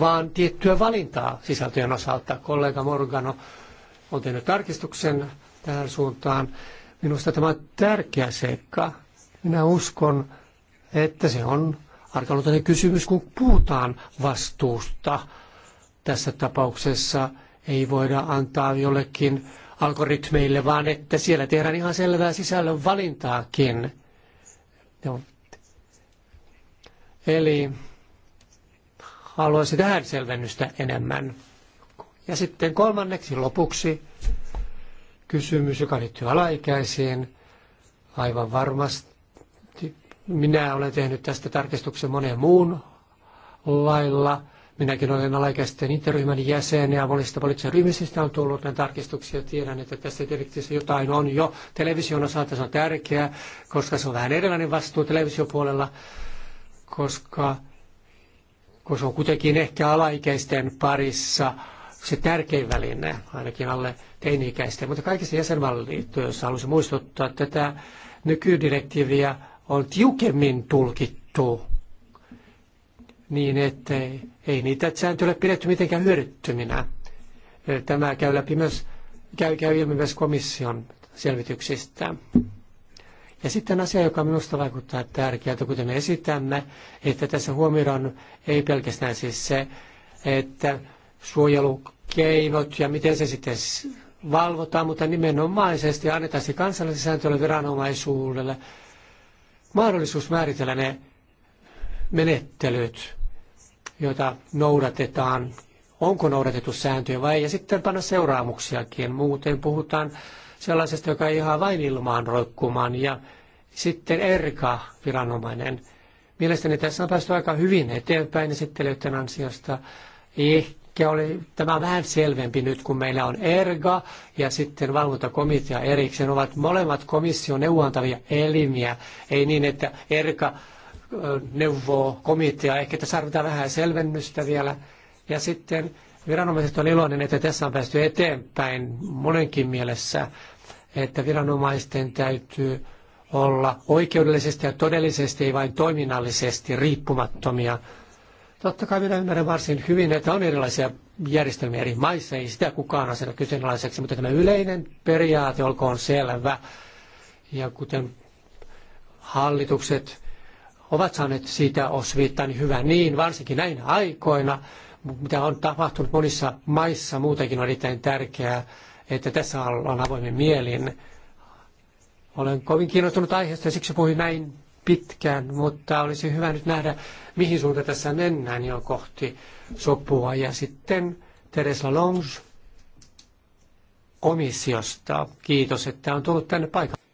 vaan tiettyä valintaa sisältöjen osalta. Kollega Morgano on tehnyt tarkistuksen tähän suuntaan. Minusta tämä on tärkeä seikka. Minä uskon, että se on arkaluontoinen kysymys, kun puhutaan vastuusta. Tässä tapauksessa ei voida antaa jollekin algoritmeille, vaan että siellä tehdään ihan selvää sisällön valintaakin. Joo. Eli haluaisin tähän selvennystä enemmän. Ja sitten kolmanneksi lopuksi kysymys, joka liittyy alaikäisiin. Aivan varmasti minä olen tehnyt tästä tarkistuksen monen muun lailla. Minäkin olen alaikäisten interryhmän jäsen ja monista poliittisen ryhmistä on tullut näitä tarkistuksia. Tiedän, että tässä direktiivissä jotain on jo television osalta. Se on tärkeää, koska se on vähän erilainen vastuu televisiopuolella, koska kun se on kuitenkin ehkä alaikäisten parissa se tärkein väline, ainakin alle teini-ikäisten, mutta kaikissa jäsenvaltioissa haluaisin muistuttaa, että tätä nykydirektiiviä on tiukemmin tulkittu niin, että ei niitä sääntöjä ole pidetty mitenkään hyödyttöminä. Tämä käy, läpi myös, käy, käy ilmi myös komission selvityksistä. Ja sitten asia, joka minusta vaikuttaa tärkeältä, kuten me esitämme, että tässä huomioidaan ei pelkästään siis se, että suojelukeinot ja miten se sitten valvotaan, mutta nimenomaisesti annetaan se kansalliselle sääntölle viranomaisuudelle mahdollisuus määritellä ne menettelyt, joita noudatetaan, onko noudatettu sääntöjä vai ei, ja sitten panna seuraamuksiakin. Muuten puhutaan sellaisesta, joka ei ihan vain ilmaan roikkumaan, ja sitten ERKA-viranomainen. Mielestäni tässä on päästy aika hyvin eteenpäin esittelijöiden ansiosta. Ehkä ehkä oli tämä vähän selvempi nyt, kun meillä on ERGA ja sitten valvontakomitea erikseen. Ovat molemmat komission neuvontavia elimiä, ei niin, että ERGA neuvoo komitea. Ehkä tässä tarvitaan vähän selvennystä vielä. Ja sitten viranomaiset on iloinen, että tässä on päästy eteenpäin monenkin mielessä, että viranomaisten täytyy olla oikeudellisesti ja todellisesti, ei vain toiminnallisesti riippumattomia – Totta kai minä ymmärrän varsin hyvin, että on erilaisia järjestelmiä eri maissa, ei sitä kukaan aseta kyseenalaiseksi, mutta tämä yleinen periaate olkoon selvä. Ja kuten hallitukset ovat saaneet siitä osviittaa, niin hyvä niin, varsinkin näinä aikoina, mitä on tapahtunut monissa maissa muutenkin on erittäin tärkeää, että tässä ollaan avoimin mielin. Olen kovin kiinnostunut aiheesta ja siksi puhuin näin pitkään, mutta olisi hyvä nyt nähdä, mihin suuntaan tässä mennään jo kohti sopua. Ja sitten Teresa Longs komissiosta. Kiitos, että on tullut tänne paikalle.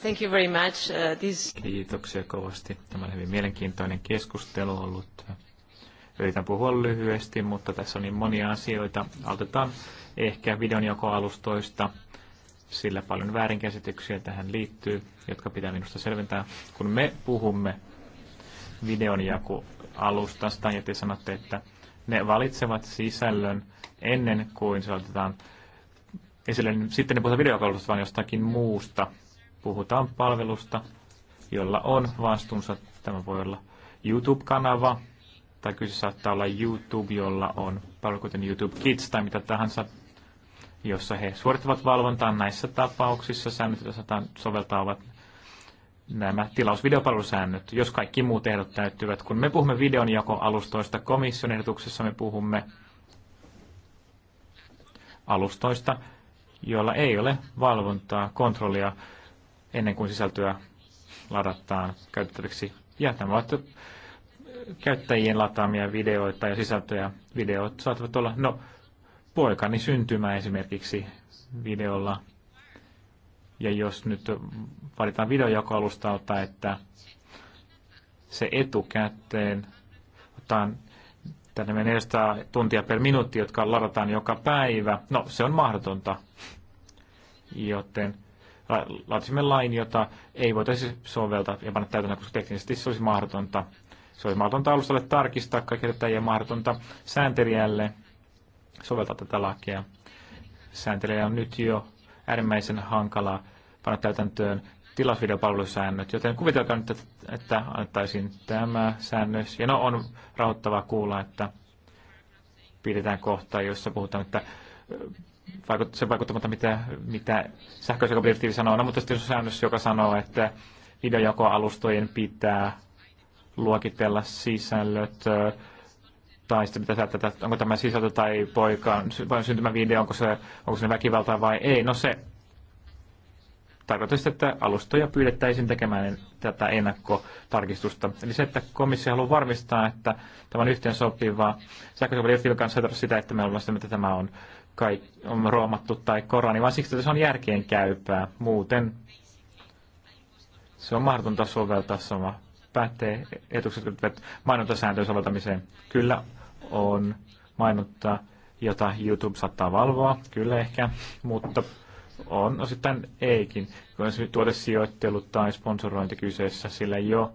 Thank you very much. Uh, this... Kiitoksia kovasti. Tämä on hyvin mielenkiintoinen keskustelu ollut. Yritän puhua lyhyesti, mutta tässä on niin monia asioita. Aloitetaan ehkä videon alustoista sillä paljon väärinkäsityksiä tähän liittyy, jotka pitää minusta selventää. Kun me puhumme videon jakualustasta ja te sanotte, että ne valitsevat sisällön ennen kuin se otetaan esille, niin sitten ne puhutaan videokoulutusta, vaan jostakin muusta. Puhutaan palvelusta, jolla on vastuunsa. Tämä voi olla YouTube-kanava, tai kyse saattaa olla YouTube, jolla on palvelu kuten YouTube Kids tai mitä tahansa jossa he suorittavat valvontaa. Näissä tapauksissa säännöt, joita saataan soveltaa, ovat nämä tilausvideopalvelusäännöt, jos kaikki muut ehdot täyttyvät. Kun me puhumme videonjakoalustoista, komission ehdotuksessa me puhumme alustoista, joilla ei ole valvontaa, kontrollia ennen kuin sisältöä ladataan käytettäväksi. Ja nämä ovat käyttäjien lataamia videoita ja sisältöjä. Videot saattavat olla, no poikani syntymä esimerkiksi videolla. Ja jos nyt valitaan videojakoalustalta, että se etukäteen otetaan tänne 400 tuntia per minuutti, jotka ladataan joka päivä. No, se on mahdotonta. Joten äh, laatisimme lain, jota ei voitaisi soveltaa ja panna täytäntöön, koska teknisesti se olisi mahdotonta. Se olisi mahdotonta alustalle tarkistaa kaikille tätä ja mahdotonta sääntelijälle soveltaa tätä lakia. Sääntelijä on nyt jo äärimmäisen hankala panna täytäntöön tilausvideopalvelusäännöt, joten kuvitelkaa nyt, että annettaisiin tämä säännös. Ja no on rauhoittavaa kuulla, että pidetään kohtaa, jossa puhutaan, että vaikut, se vaikuttamatta mitä, mitä sähköisen direktiivi sanoo, no, mutta sitten on säännös, joka sanoo, että videojakoalustojen pitää luokitella sisällöt tai sitten pitää että onko tämä sisältö tai poika, vai syntymä video, onko se, onko se väkivaltaa vai ei. No se tarkoitus, että alustoja pyydettäisiin tekemään tätä ennakkotarkistusta. Eli se, että komissio haluaa varmistaa, että tämä on yhteen sopiva sähköisen kanssa, ei sitä, että me ollaan sitä, että tämä on, kai, on roomattu tai korani, vaan siksi, että se on järkeen käypää. Muuten se on mahdotonta soveltaa sama pätee etukset että mainontasääntöjen soveltamiseen? Kyllä on mainonta, jota YouTube saattaa valvoa, kyllä ehkä, mutta on osittain eikin, kun se tuotesijoittelu tai sponsorointi kyseessä, sillä jo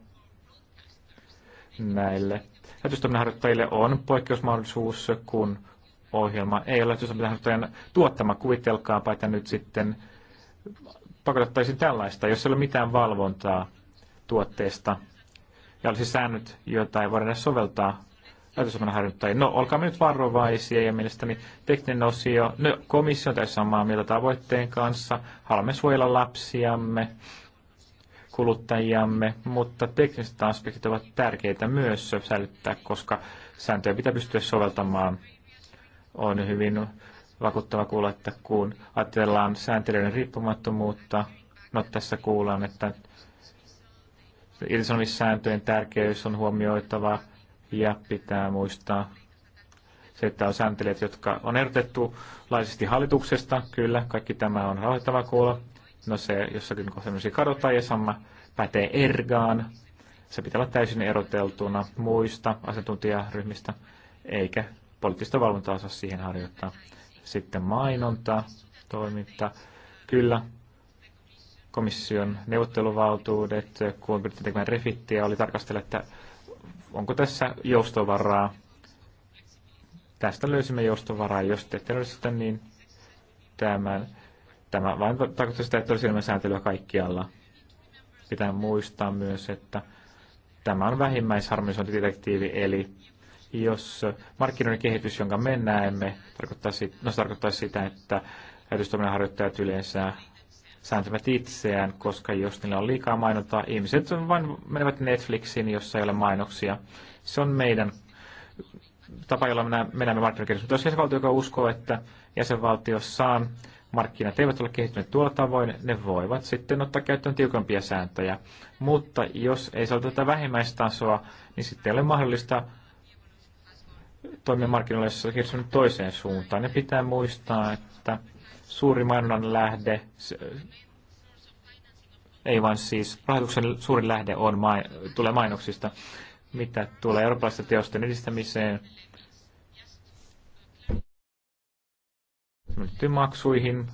näille lähetystoiminnan harjoittajille on poikkeusmahdollisuus, kun ohjelma ei ole lähetystoiminnan harjoittajan tuottama. Kuvitelkaapa, että nyt sitten pakotettaisiin tällaista, jos ei ole mitään valvontaa tuotteesta ja olisi säännöt, joita ei voida edes soveltaa laitosvallan harjoittajia. No, olkaamme nyt varovaisia ja mielestäni tekninen osio, no komissio on tässä samaa mieltä tavoitteen kanssa, haluamme suojella lapsiamme, kuluttajiamme, mutta tekniset aspektit ovat tärkeitä myös säilyttää, koska sääntöjä pitää pystyä soveltamaan. On hyvin vakuuttava kuulla, että kun ajatellaan sääntelyiden riippumattomuutta, no tässä kuullaan, että irtisanomissääntöjen tärkeys on huomioitava ja pitää muistaa se, että on sääntelijät, jotka on erotettu laisesti hallituksesta. Kyllä, kaikki tämä on rahoittava kuulla. No se jossakin kohtaa myös kadotaan ja sama pätee ergaan. Se pitää olla täysin eroteltuna muista asiantuntijaryhmistä, eikä poliittista valvontaa saa siihen harjoittaa. Sitten mainonta, toiminta. Kyllä, komission neuvotteluvaltuudet, kun pyrittiin tekemään refittiä, oli tarkastella, että onko tässä joustovaraa. Tästä löysimme joustovaraa, jos te ette sitä, niin tämä tämä vain tarkoittaa sitä, että olisi enemmän sääntelyä kaikkialla. Pitää muistaa myös, että tämä on vähimmäisharmonisointidirektiivi, eli jos markkinoiden kehitys, jonka me näemme, tarkoittaa, sit, no, se tarkoittaa sitä, että yritystoiminnan harjoittajat yleensä sääntelevät itseään, koska jos niillä on liikaa mainontaa, ihmiset vain menevät Netflixiin, jossa ei ole mainoksia. Se on meidän tapa, jolla me menemme markkinakehitys. Mutta jos jäsenvaltio, joka uskoo, että jäsenvaltiossaan markkinat eivät ole kehittyneet tuolla tavoin, ne voivat sitten ottaa käyttöön tiukempia sääntöjä. Mutta jos ei saa tätä vähimmäistasoa, niin sitten ei ole mahdollista toimia markkinoilla, on toiseen suuntaan. Ja pitää muistaa, että suuri mainonnan lähde, ei vaan siis rahoituksen suurin lähde on, tulee mainoksista, mitä tulee eurooppalaisten teosten edistämiseen, maksuihin.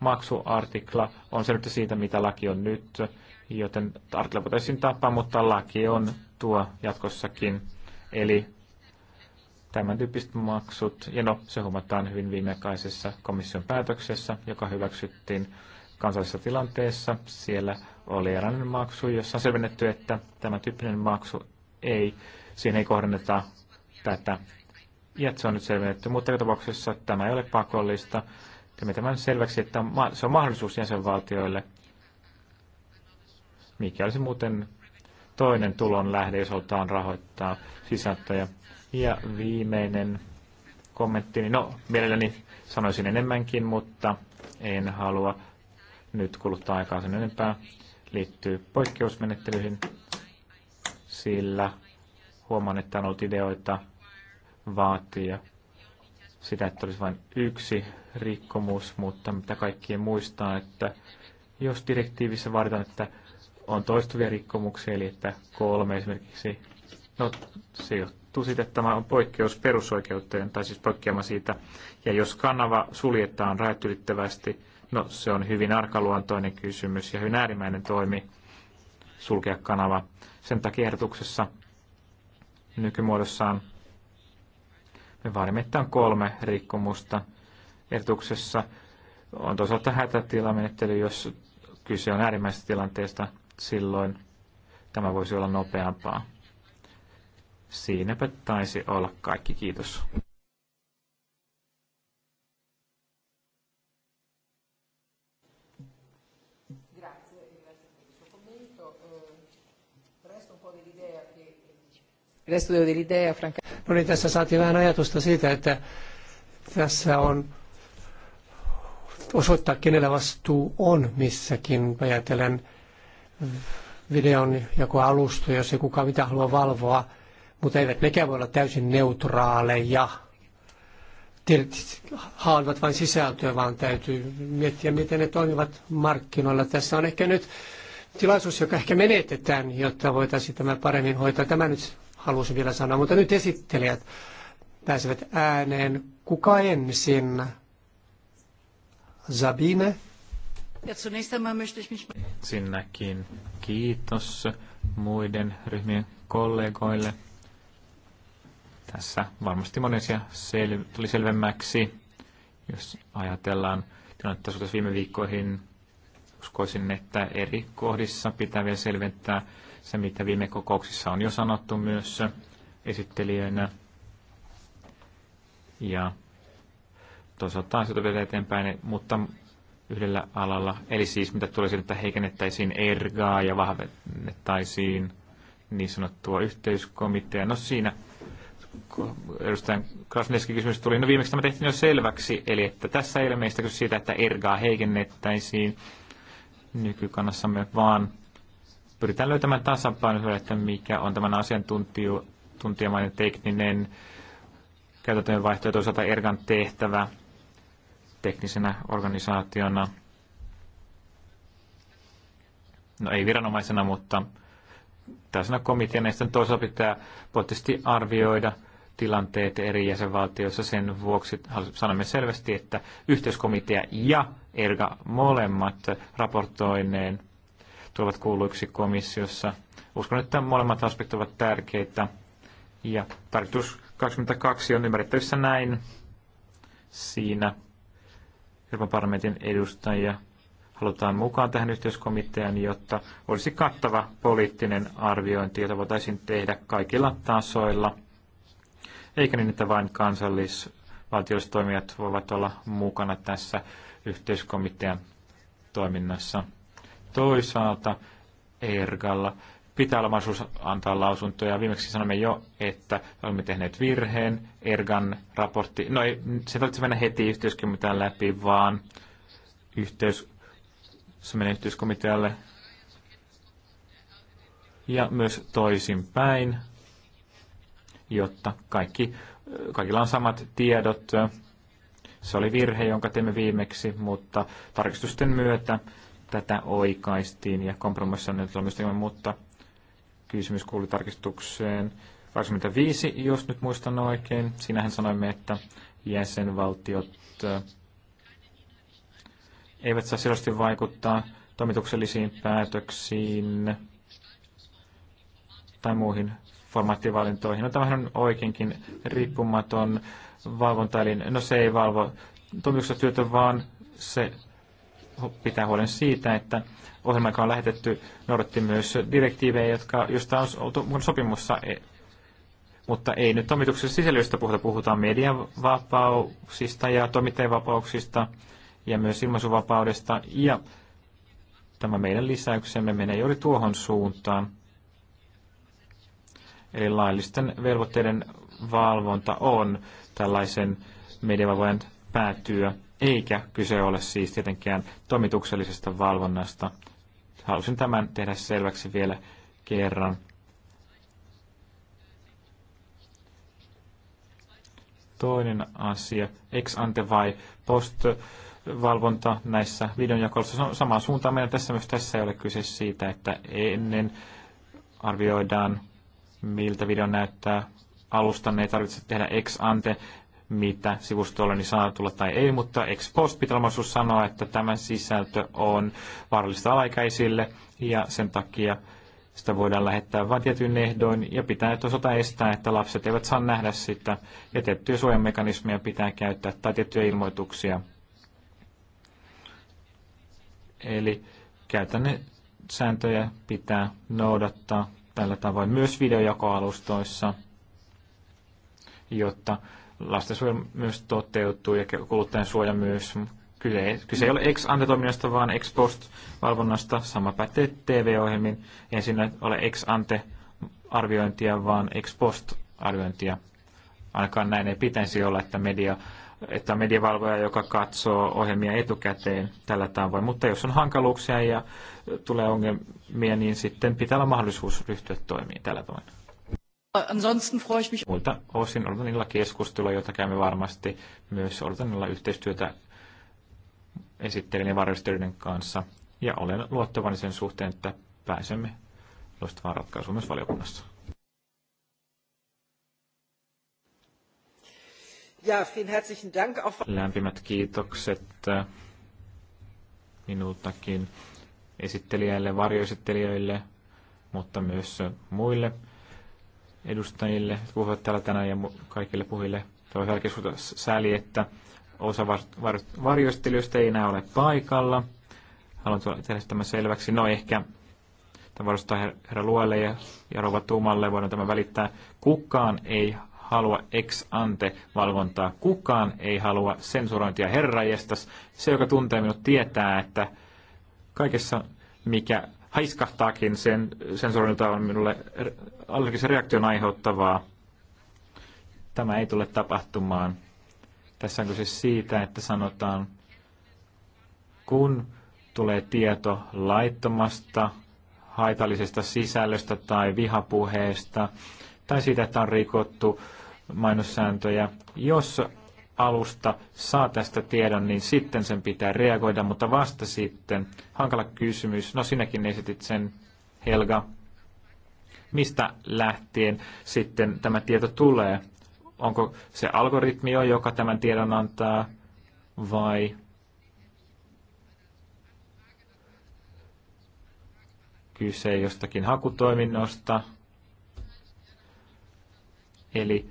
Maksuartikla on se nyt siitä, mitä laki on nyt, joten artikla voitaisiin tappaa, mutta laki on tuo jatkossakin. Eli tämän tyyppiset maksut, ja no, se huomataan hyvin viimeaikaisessa komission päätöksessä, joka hyväksyttiin kansallisessa tilanteessa. Siellä oli eräinen maksu, jossa on selvennetty, että tämä tyyppinen maksu ei, siihen ei kohdenneta tätä. Ja se on nyt selvennetty, mutta joka tapauksessa tämä ei ole pakollista. Teemme tämän selväksi, että se on mahdollisuus jäsenvaltioille, mikä olisi muuten toinen tulon lähde, jos halutaan rahoittaa sisältöjä ja viimeinen kommentti, niin no mielelläni sanoisin enemmänkin, mutta en halua nyt kuluttaa aikaa sen enempää, liittyy poikkeusmenettelyihin, sillä huomaan, että on ollut ideoita vaatia sitä, että olisi vain yksi rikkomus, mutta mitä kaikkien muistaa, että jos direktiivissä vaaditaan, että on toistuvia rikkomuksia, eli että kolme esimerkiksi, no se johtuu valitettu siitä, että tämä on poikkeus perusoikeuteen, tai siis poikkeama siitä. Ja jos kanava suljetaan rajatylittävästi, no se on hyvin arkaluontoinen kysymys ja hyvin äärimmäinen toimi sulkea kanava. Sen takia ehdotuksessa nykymuodossaan me vaadimme, että on kolme rikkomusta ehdotuksessa. On toisaalta hätätilamenettely, jos kyse on äärimmäisestä tilanteesta, silloin tämä voisi olla nopeampaa. Siinäpä taisi olla kaikki. Kiitos. No niin, tässä saatiin vähän ajatusta siitä, että tässä on osoittaa, kenellä vastuu on missäkin. Ajatellen videon joku alusta, jos ei kukaan mitä haluaa valvoa, mutta eivät nekään voi olla täysin neutraaleja. haluavat vain sisältöä, vaan täytyy miettiä, miten ne toimivat markkinoilla. Tässä on ehkä nyt tilaisuus, joka ehkä menetetään, jotta voitaisiin tämä paremmin hoitaa. Tämä nyt halusin vielä sanoa, mutta nyt esittelijät pääsevät ääneen. Kuka ensin? Zabine? Sinäkin kiitos muiden ryhmien kollegoille tässä varmasti moni asia sel- tuli selvemmäksi, jos ajatellaan tilannetta suhteessa viime viikkoihin. Uskoisin, että eri kohdissa pitää vielä selventää se, mitä viime kokouksissa on jo sanottu myös esittelijöinä. Ja toisaalta asioita vielä eteenpäin, mutta yhdellä alalla. Eli siis mitä tulee siitä, että heikennettäisiin ergaa ja vahvennettaisiin niin sanottua yhteiskomitea. No siinä edustajan Krasneskin kysymys tuli. No viimeksi tämä tehtiin jo selväksi, eli että tässä ei ole meistä kyse siitä, että ergaa heikennettäisiin nykykannassamme, vaan pyritään löytämään tasapaino, että mikä on tämän asiantuntijamainen tekninen käytäntöjen vaihtoehto ja toisaalta ergan tehtävä teknisenä organisaationa. No ei viranomaisena, mutta tällaisena komiteana. Ja sitten toisaalta pitää poliittisesti arvioida – tilanteet eri jäsenvaltioissa. Sen vuoksi sanomme selvästi, että yhteiskomitea ja ERGA molemmat raportoineen tulevat kuuluiksi komissiossa. Uskon, että molemmat aspektit ovat tärkeitä. Ja tarkoitus 22 on ymmärrettävissä näin. Siinä Euroopan parlamentin edustajia halutaan mukaan tähän yhteiskomiteaan, jotta olisi kattava poliittinen arviointi, jota voitaisiin tehdä kaikilla tasoilla – eikä niin, että vain kansallisvaltiolliset toimijat voivat olla mukana tässä yhteiskomitean toiminnassa. Toisaalta ERGalla pitää olla mahdollisuus antaa lausuntoja. Viimeksi sanomme jo, että olemme tehneet virheen, ERGAN raportti. No ei, se tarvitse mennä heti yhteiskomitean läpi, vaan yhteys, se menee yhteiskomitealle ja myös toisinpäin jotta kaikki, kaikilla on samat tiedot. Se oli virhe, jonka teimme viimeksi, mutta tarkistusten myötä tätä oikaistiin ja kompromissi on nyt mutta kysymys kuuli tarkistukseen 25, jos nyt muistan oikein. Siinähän sanoimme, että jäsenvaltiot eh, eivät saa selvästi vaikuttaa toimituksellisiin päätöksiin tai muihin formaattivalintoihin. No tämähän on oikeinkin riippumaton valvontaelin. No se ei valvo toimituksessa työtä, vaan se pitää huolen siitä, että ohjelma, joka on lähetetty, noudatti myös direktiivejä, jotka, josta on oltu sopimussa e-, mutta ei nyt toimituksen sisällöstä puhuta. Puhutaan median vapauksista ja toimittajien vapauksista ja myös ilmaisuvapaudesta. Ja tämä meidän lisäyksemme menee juuri tuohon suuntaan. Eli laillisten velvoitteiden valvonta on tällaisen mediavalvojan päätyä, eikä kyse ole siis tietenkään toimituksellisesta valvonnasta. Halusin tämän tehdä selväksi vielä kerran. Toinen asia, ex ante vai post valvonta näissä videonjakelussa on samaan suuntaan meillä tässä myös tässä ei ole kyse siitä, että ennen arvioidaan miltä video näyttää alustanne. Ei tarvitse tehdä ex ante, mitä sivustolle niin saa tulla tai ei, mutta ex post pitää mahdollisuus sanoa, että tämä sisältö on vaarallista alaikäisille ja sen takia sitä voidaan lähettää vain tietyin ehdoin ja pitää osata estää, että lapset eivät saa nähdä sitä ja tiettyjä suojamekanismeja pitää käyttää tai tiettyjä ilmoituksia. Eli käytännön sääntöjä pitää noudattaa tällä tavoin myös videojakoalustoissa, jotta lastensuoja myös toteutuu ja kuluttajan suoja myös. Kyse, kyse ei ole ex ante toiminnasta vaan ex post valvonnasta. Sama pätee TV-ohjelmiin. Ei siinä ole ex ante arviointia, vaan ex post arviointia. Ainakaan näin ei pitäisi olla, että media että medievalvoja, mediavalvoja, joka katsoo ohjelmia etukäteen tällä tavoin. Mutta jos on hankaluuksia ja tulee ongelmia, niin sitten pitää olla mahdollisuus ryhtyä toimiin tällä tavoin. Ansonsten freue ich mich. Muilta osin Oltanilla keskustelua, jota käymme varmasti myös Oltanilla yhteistyötä esittelijän ja varjostelijoiden kanssa. Ja olen luottavainen sen suhteen, että pääsemme loistavaan ratkaisuun myös valiokunnassa. Ja, vielen herzlichen Dank auch. Lämpimät kiitokset äh, minultakin esittelijälle, varjoesittelijöille, mutta myös muille edustajille, jotka puhuvat täällä tänään ja kaikille puhille. Toivon jälkeen sääli, että osa varjoistelijoista ei enää ole paikalla. Haluan tehdä tämä selväksi. No ehkä tämä varustaa herra Luelle ja, ja Rova Tuumalle, voidaan tämä välittää. Kukaan ei halua ex ante valvontaa. Kukaan ei halua sensurointia herrajestas. Se, joka tuntee minut, tietää, että kaikessa, mikä haiskahtaakin sen sensuroinnilta on minulle allergisen reaktion aiheuttavaa. Tämä ei tule tapahtumaan. Tässä on kyse siitä, että sanotaan, kun tulee tieto laittomasta haitallisesta sisällöstä tai vihapuheesta tai siitä, että on rikottu mainossääntöjä. Jos alusta saa tästä tiedon, niin sitten sen pitää reagoida, mutta vasta sitten. Hankala kysymys. No sinäkin esitit sen, Helga. Mistä lähtien sitten tämä tieto tulee? Onko se algoritmi jo, joka tämän tiedon antaa, vai kyse jostakin hakutoiminnosta, Eli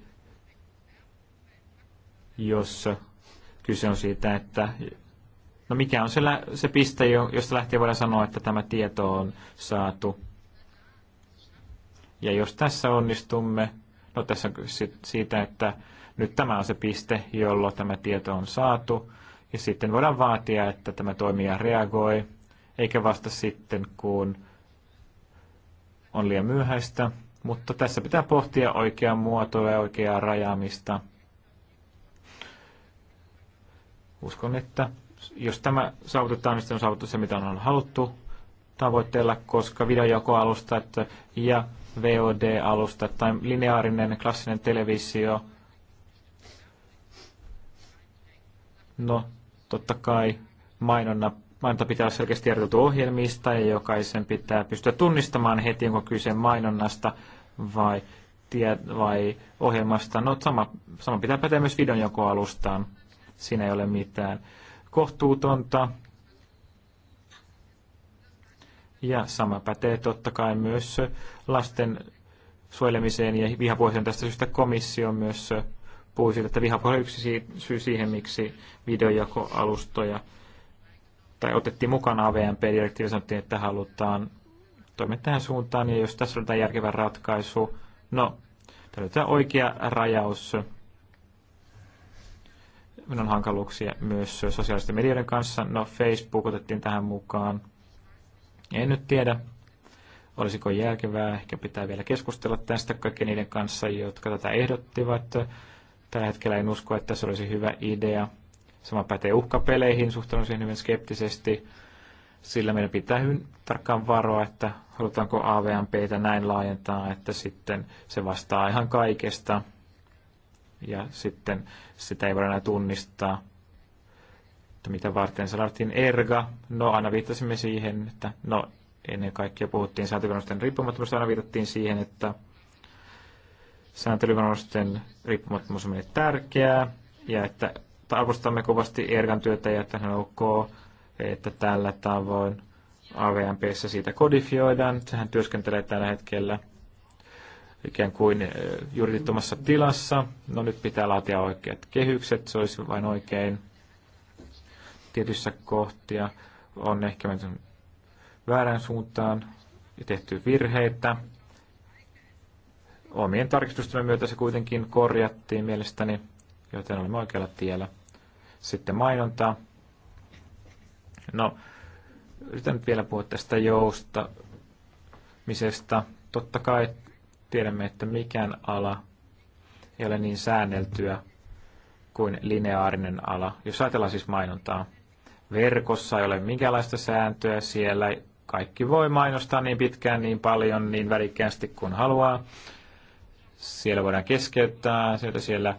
jos kyse on siitä, että no mikä on se, se piste, josta lähtien voidaan sanoa, että tämä tieto on saatu. Ja jos tässä onnistumme, no tässä on siitä, että nyt tämä on se piste, jolloin tämä tieto on saatu. Ja sitten voidaan vaatia, että tämä toimija reagoi, eikä vasta sitten, kun on liian myöhäistä. Mutta tässä pitää pohtia oikeaa muotoa ja oikeaa rajaamista. Uskon, että jos tämä saavutetaan, niin on saavutettu se, mitä on haluttu tavoitteella, koska videojakoalustat ja VOD-alustat tai lineaarinen klassinen televisio – No, totta kai mainonna, mainonta pitää olla selkeästi ohjelmista ja jokaisen pitää pystyä tunnistamaan heti, onko kyse mainonnasta vai, tie, vai ohjelmasta. No sama, sama pitää päteä myös videonjakoalustaan. Siinä ei ole mitään kohtuutonta. Ja sama pätee totta kai myös lasten suojelemiseen ja vihapuheeseen. Tästä syystä komissio myös puhui siitä, että vihapuhe on yksi syy siihen, miksi videojakoalustoja tai otettiin mukana AVMP-direktiivi sanottiin, että halutaan toimet tähän suuntaan, ja jos tässä on järkevä ratkaisu, no, löydetään oikea rajaus. Minun on hankaluuksia myös sosiaalisten medioiden kanssa. No, Facebook otettiin tähän mukaan. En nyt tiedä, olisiko järkevää. Ehkä pitää vielä keskustella tästä kaikkien niiden kanssa, jotka tätä ehdottivat. Tällä hetkellä en usko, että se olisi hyvä idea. Sama pätee uhkapeleihin, suhtaudun siihen hyvin skeptisesti sillä meidän pitää hyvin tarkkaan varoa, että halutaanko AVMPtä näin laajentaa, että sitten se vastaa ihan kaikesta ja sitten sitä ei voida enää tunnistaa, että mitä varten sanottiin erga. No aina viittasimme siihen, että no ennen kaikkea puhuttiin sääntelyvannosten riippumattomuudesta, aina viitattiin siihen, että sääntelyvannosten riippumattomuus on meille tärkeää ja että arvostamme kovasti ergan työtä ja että hän ok että tällä tavoin AVMPssä siitä kodifioidaan. Hän työskentelee tällä hetkellä ikään kuin eh, juridittomassa tilassa. No nyt pitää laatia oikeat kehykset, se olisi vain oikein. Tietyissä kohtia on ehkä mennyt väärään suuntaan ja tehty virheitä. Omien tarkistusten myötä se kuitenkin korjattiin mielestäni, joten olemme oikealla tiellä. Sitten mainonta. No, yritän nyt vielä puhua tästä joustamisesta. Totta kai tiedämme, että mikään ala ei ole niin säänneltyä kuin lineaarinen ala. Jos ajatellaan siis mainontaa, verkossa ei ole minkäänlaista sääntöä siellä, kaikki voi mainostaa niin pitkään, niin paljon, niin värikkäästi kuin haluaa. Siellä voidaan keskeyttää, sieltä siellä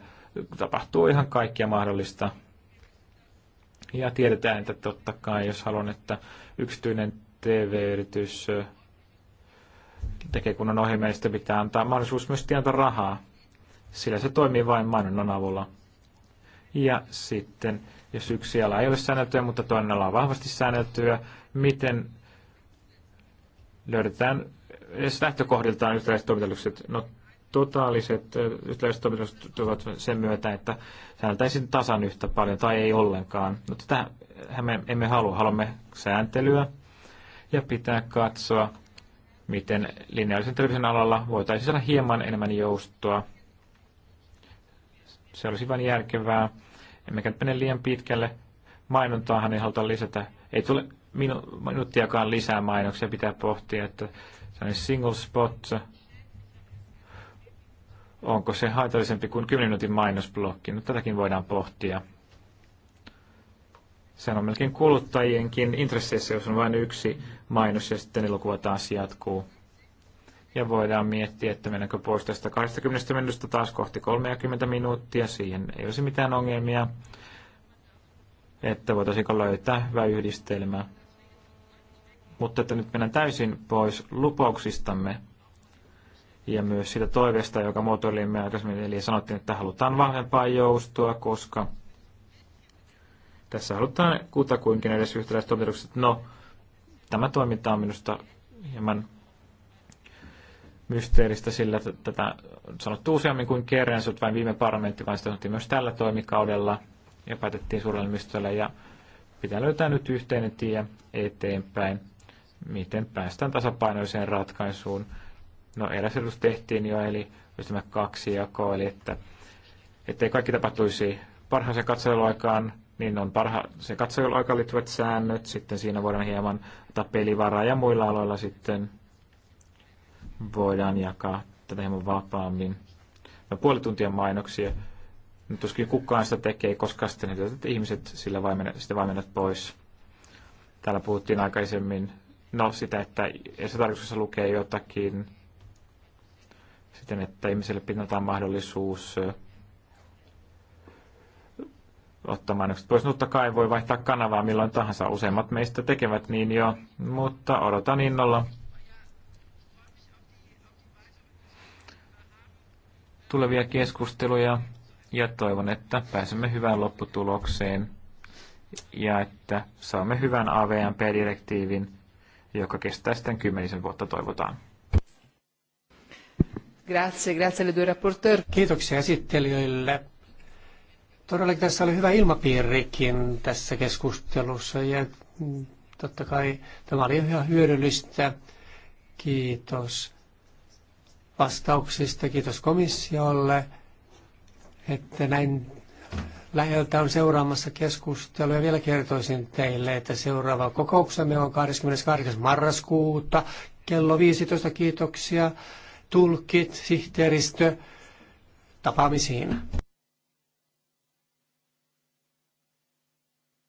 tapahtuu ihan kaikkia mahdollista. Ja tiedetään, että totta kai, jos haluan, että yksityinen TV-yritys tekee kunnon ohjelmia, niin pitää antaa mahdollisuus myös tietää rahaa. Sillä se toimii vain mainonnan avulla. Ja sitten, jos yksi ala ei ole säänneltyä, mutta toinen ala on vahvasti säänneltyä, miten löydetään edes lähtökohdiltaan yhtäläiset toimintaedellytykset. No, totaaliset yhtäläiset toimitukset sen myötä, että säältäisiin tasan yhtä paljon tai ei ollenkaan. Mutta tähän me emme halua. Haluamme sääntelyä ja pitää katsoa, miten lineaarisen television alalla voitaisiin saada hieman enemmän joustoa. Se olisi vain järkevää. Emmekä mene liian pitkälle. Mainontaahan ei haluta lisätä. Ei tule minu- minuuttiakaan lisää mainoksia. Pitää pohtia, että se on single spot, onko se haitallisempi kuin 10 minuutin mainosblokki? No, tätäkin voidaan pohtia. Se on melkein kuluttajienkin intresseissä, jos on vain yksi mainos ja sitten elokuva taas jatkuu. Ja voidaan miettiä, että mennäänkö pois tästä 20 minuutista taas kohti 30 minuuttia. Siihen ei olisi mitään ongelmia, että voitaisiinko löytää hyvä yhdistelmä. Mutta että nyt mennään täysin pois lupauksistamme ja myös sitä toiveesta, joka muotoilimme aikaisemmin, eli sanottiin, että halutaan vahvempaa joustoa, koska tässä halutaan kutakuinkin edes yhtäläiset opetukset. No, tämä toiminta on minusta hieman mysteeristä, sillä tätä sanottu useammin kuin kerran, se vain viime parlamentti, vaan sitä sanottiin myös tällä toimikaudella ja päätettiin suurella ja pitää löytää nyt yhteinen tie eteenpäin, miten päästään tasapainoiseen ratkaisuun No eräs ehdotus tehtiin jo, eli just tämä kaksi jako, eli että ettei kaikki tapahtuisi parhaaseen katseluaikaan, niin on parha, se katseluaikaan liittyvät säännöt, sitten siinä voidaan hieman ottaa pelivaraa ja muilla aloilla sitten voidaan jakaa tätä hieman vapaammin. No puoli tuntia mainoksia, nyt tuskin kukaan sitä tekee, koska sitten että ihmiset sillä vain menet, sitä vain pois. Täällä puhuttiin aikaisemmin no, sitä, että se tarkoituksessa lukee jotakin, siten, että ihmiselle pitää mahdollisuus ottaa mainokset pois. Mutta kai voi vaihtaa kanavaa milloin tahansa. Useimmat meistä tekevät niin jo, mutta odotan innolla. tulevia keskusteluja ja toivon, että pääsemme hyvään lopputulokseen ja että saamme hyvän AVMP-direktiivin, joka kestää sitten kymmenisen vuotta toivotaan. Grazie, grazie alle due rapporteur. Kiitoksia esittelijöille. Todellakin tässä oli hyvä ilmapiirikin tässä keskustelussa ja totta kai tämä oli ihan hyödyllistä. Kiitos vastauksista, kiitos komissiolle, että näin läheltä on seuraamassa keskustelua. Vielä kertoisin teille, että seuraava kokouksemme on 28. marraskuuta kello 15. Kiitoksia tulkit, sihteeristö tapaamisiin.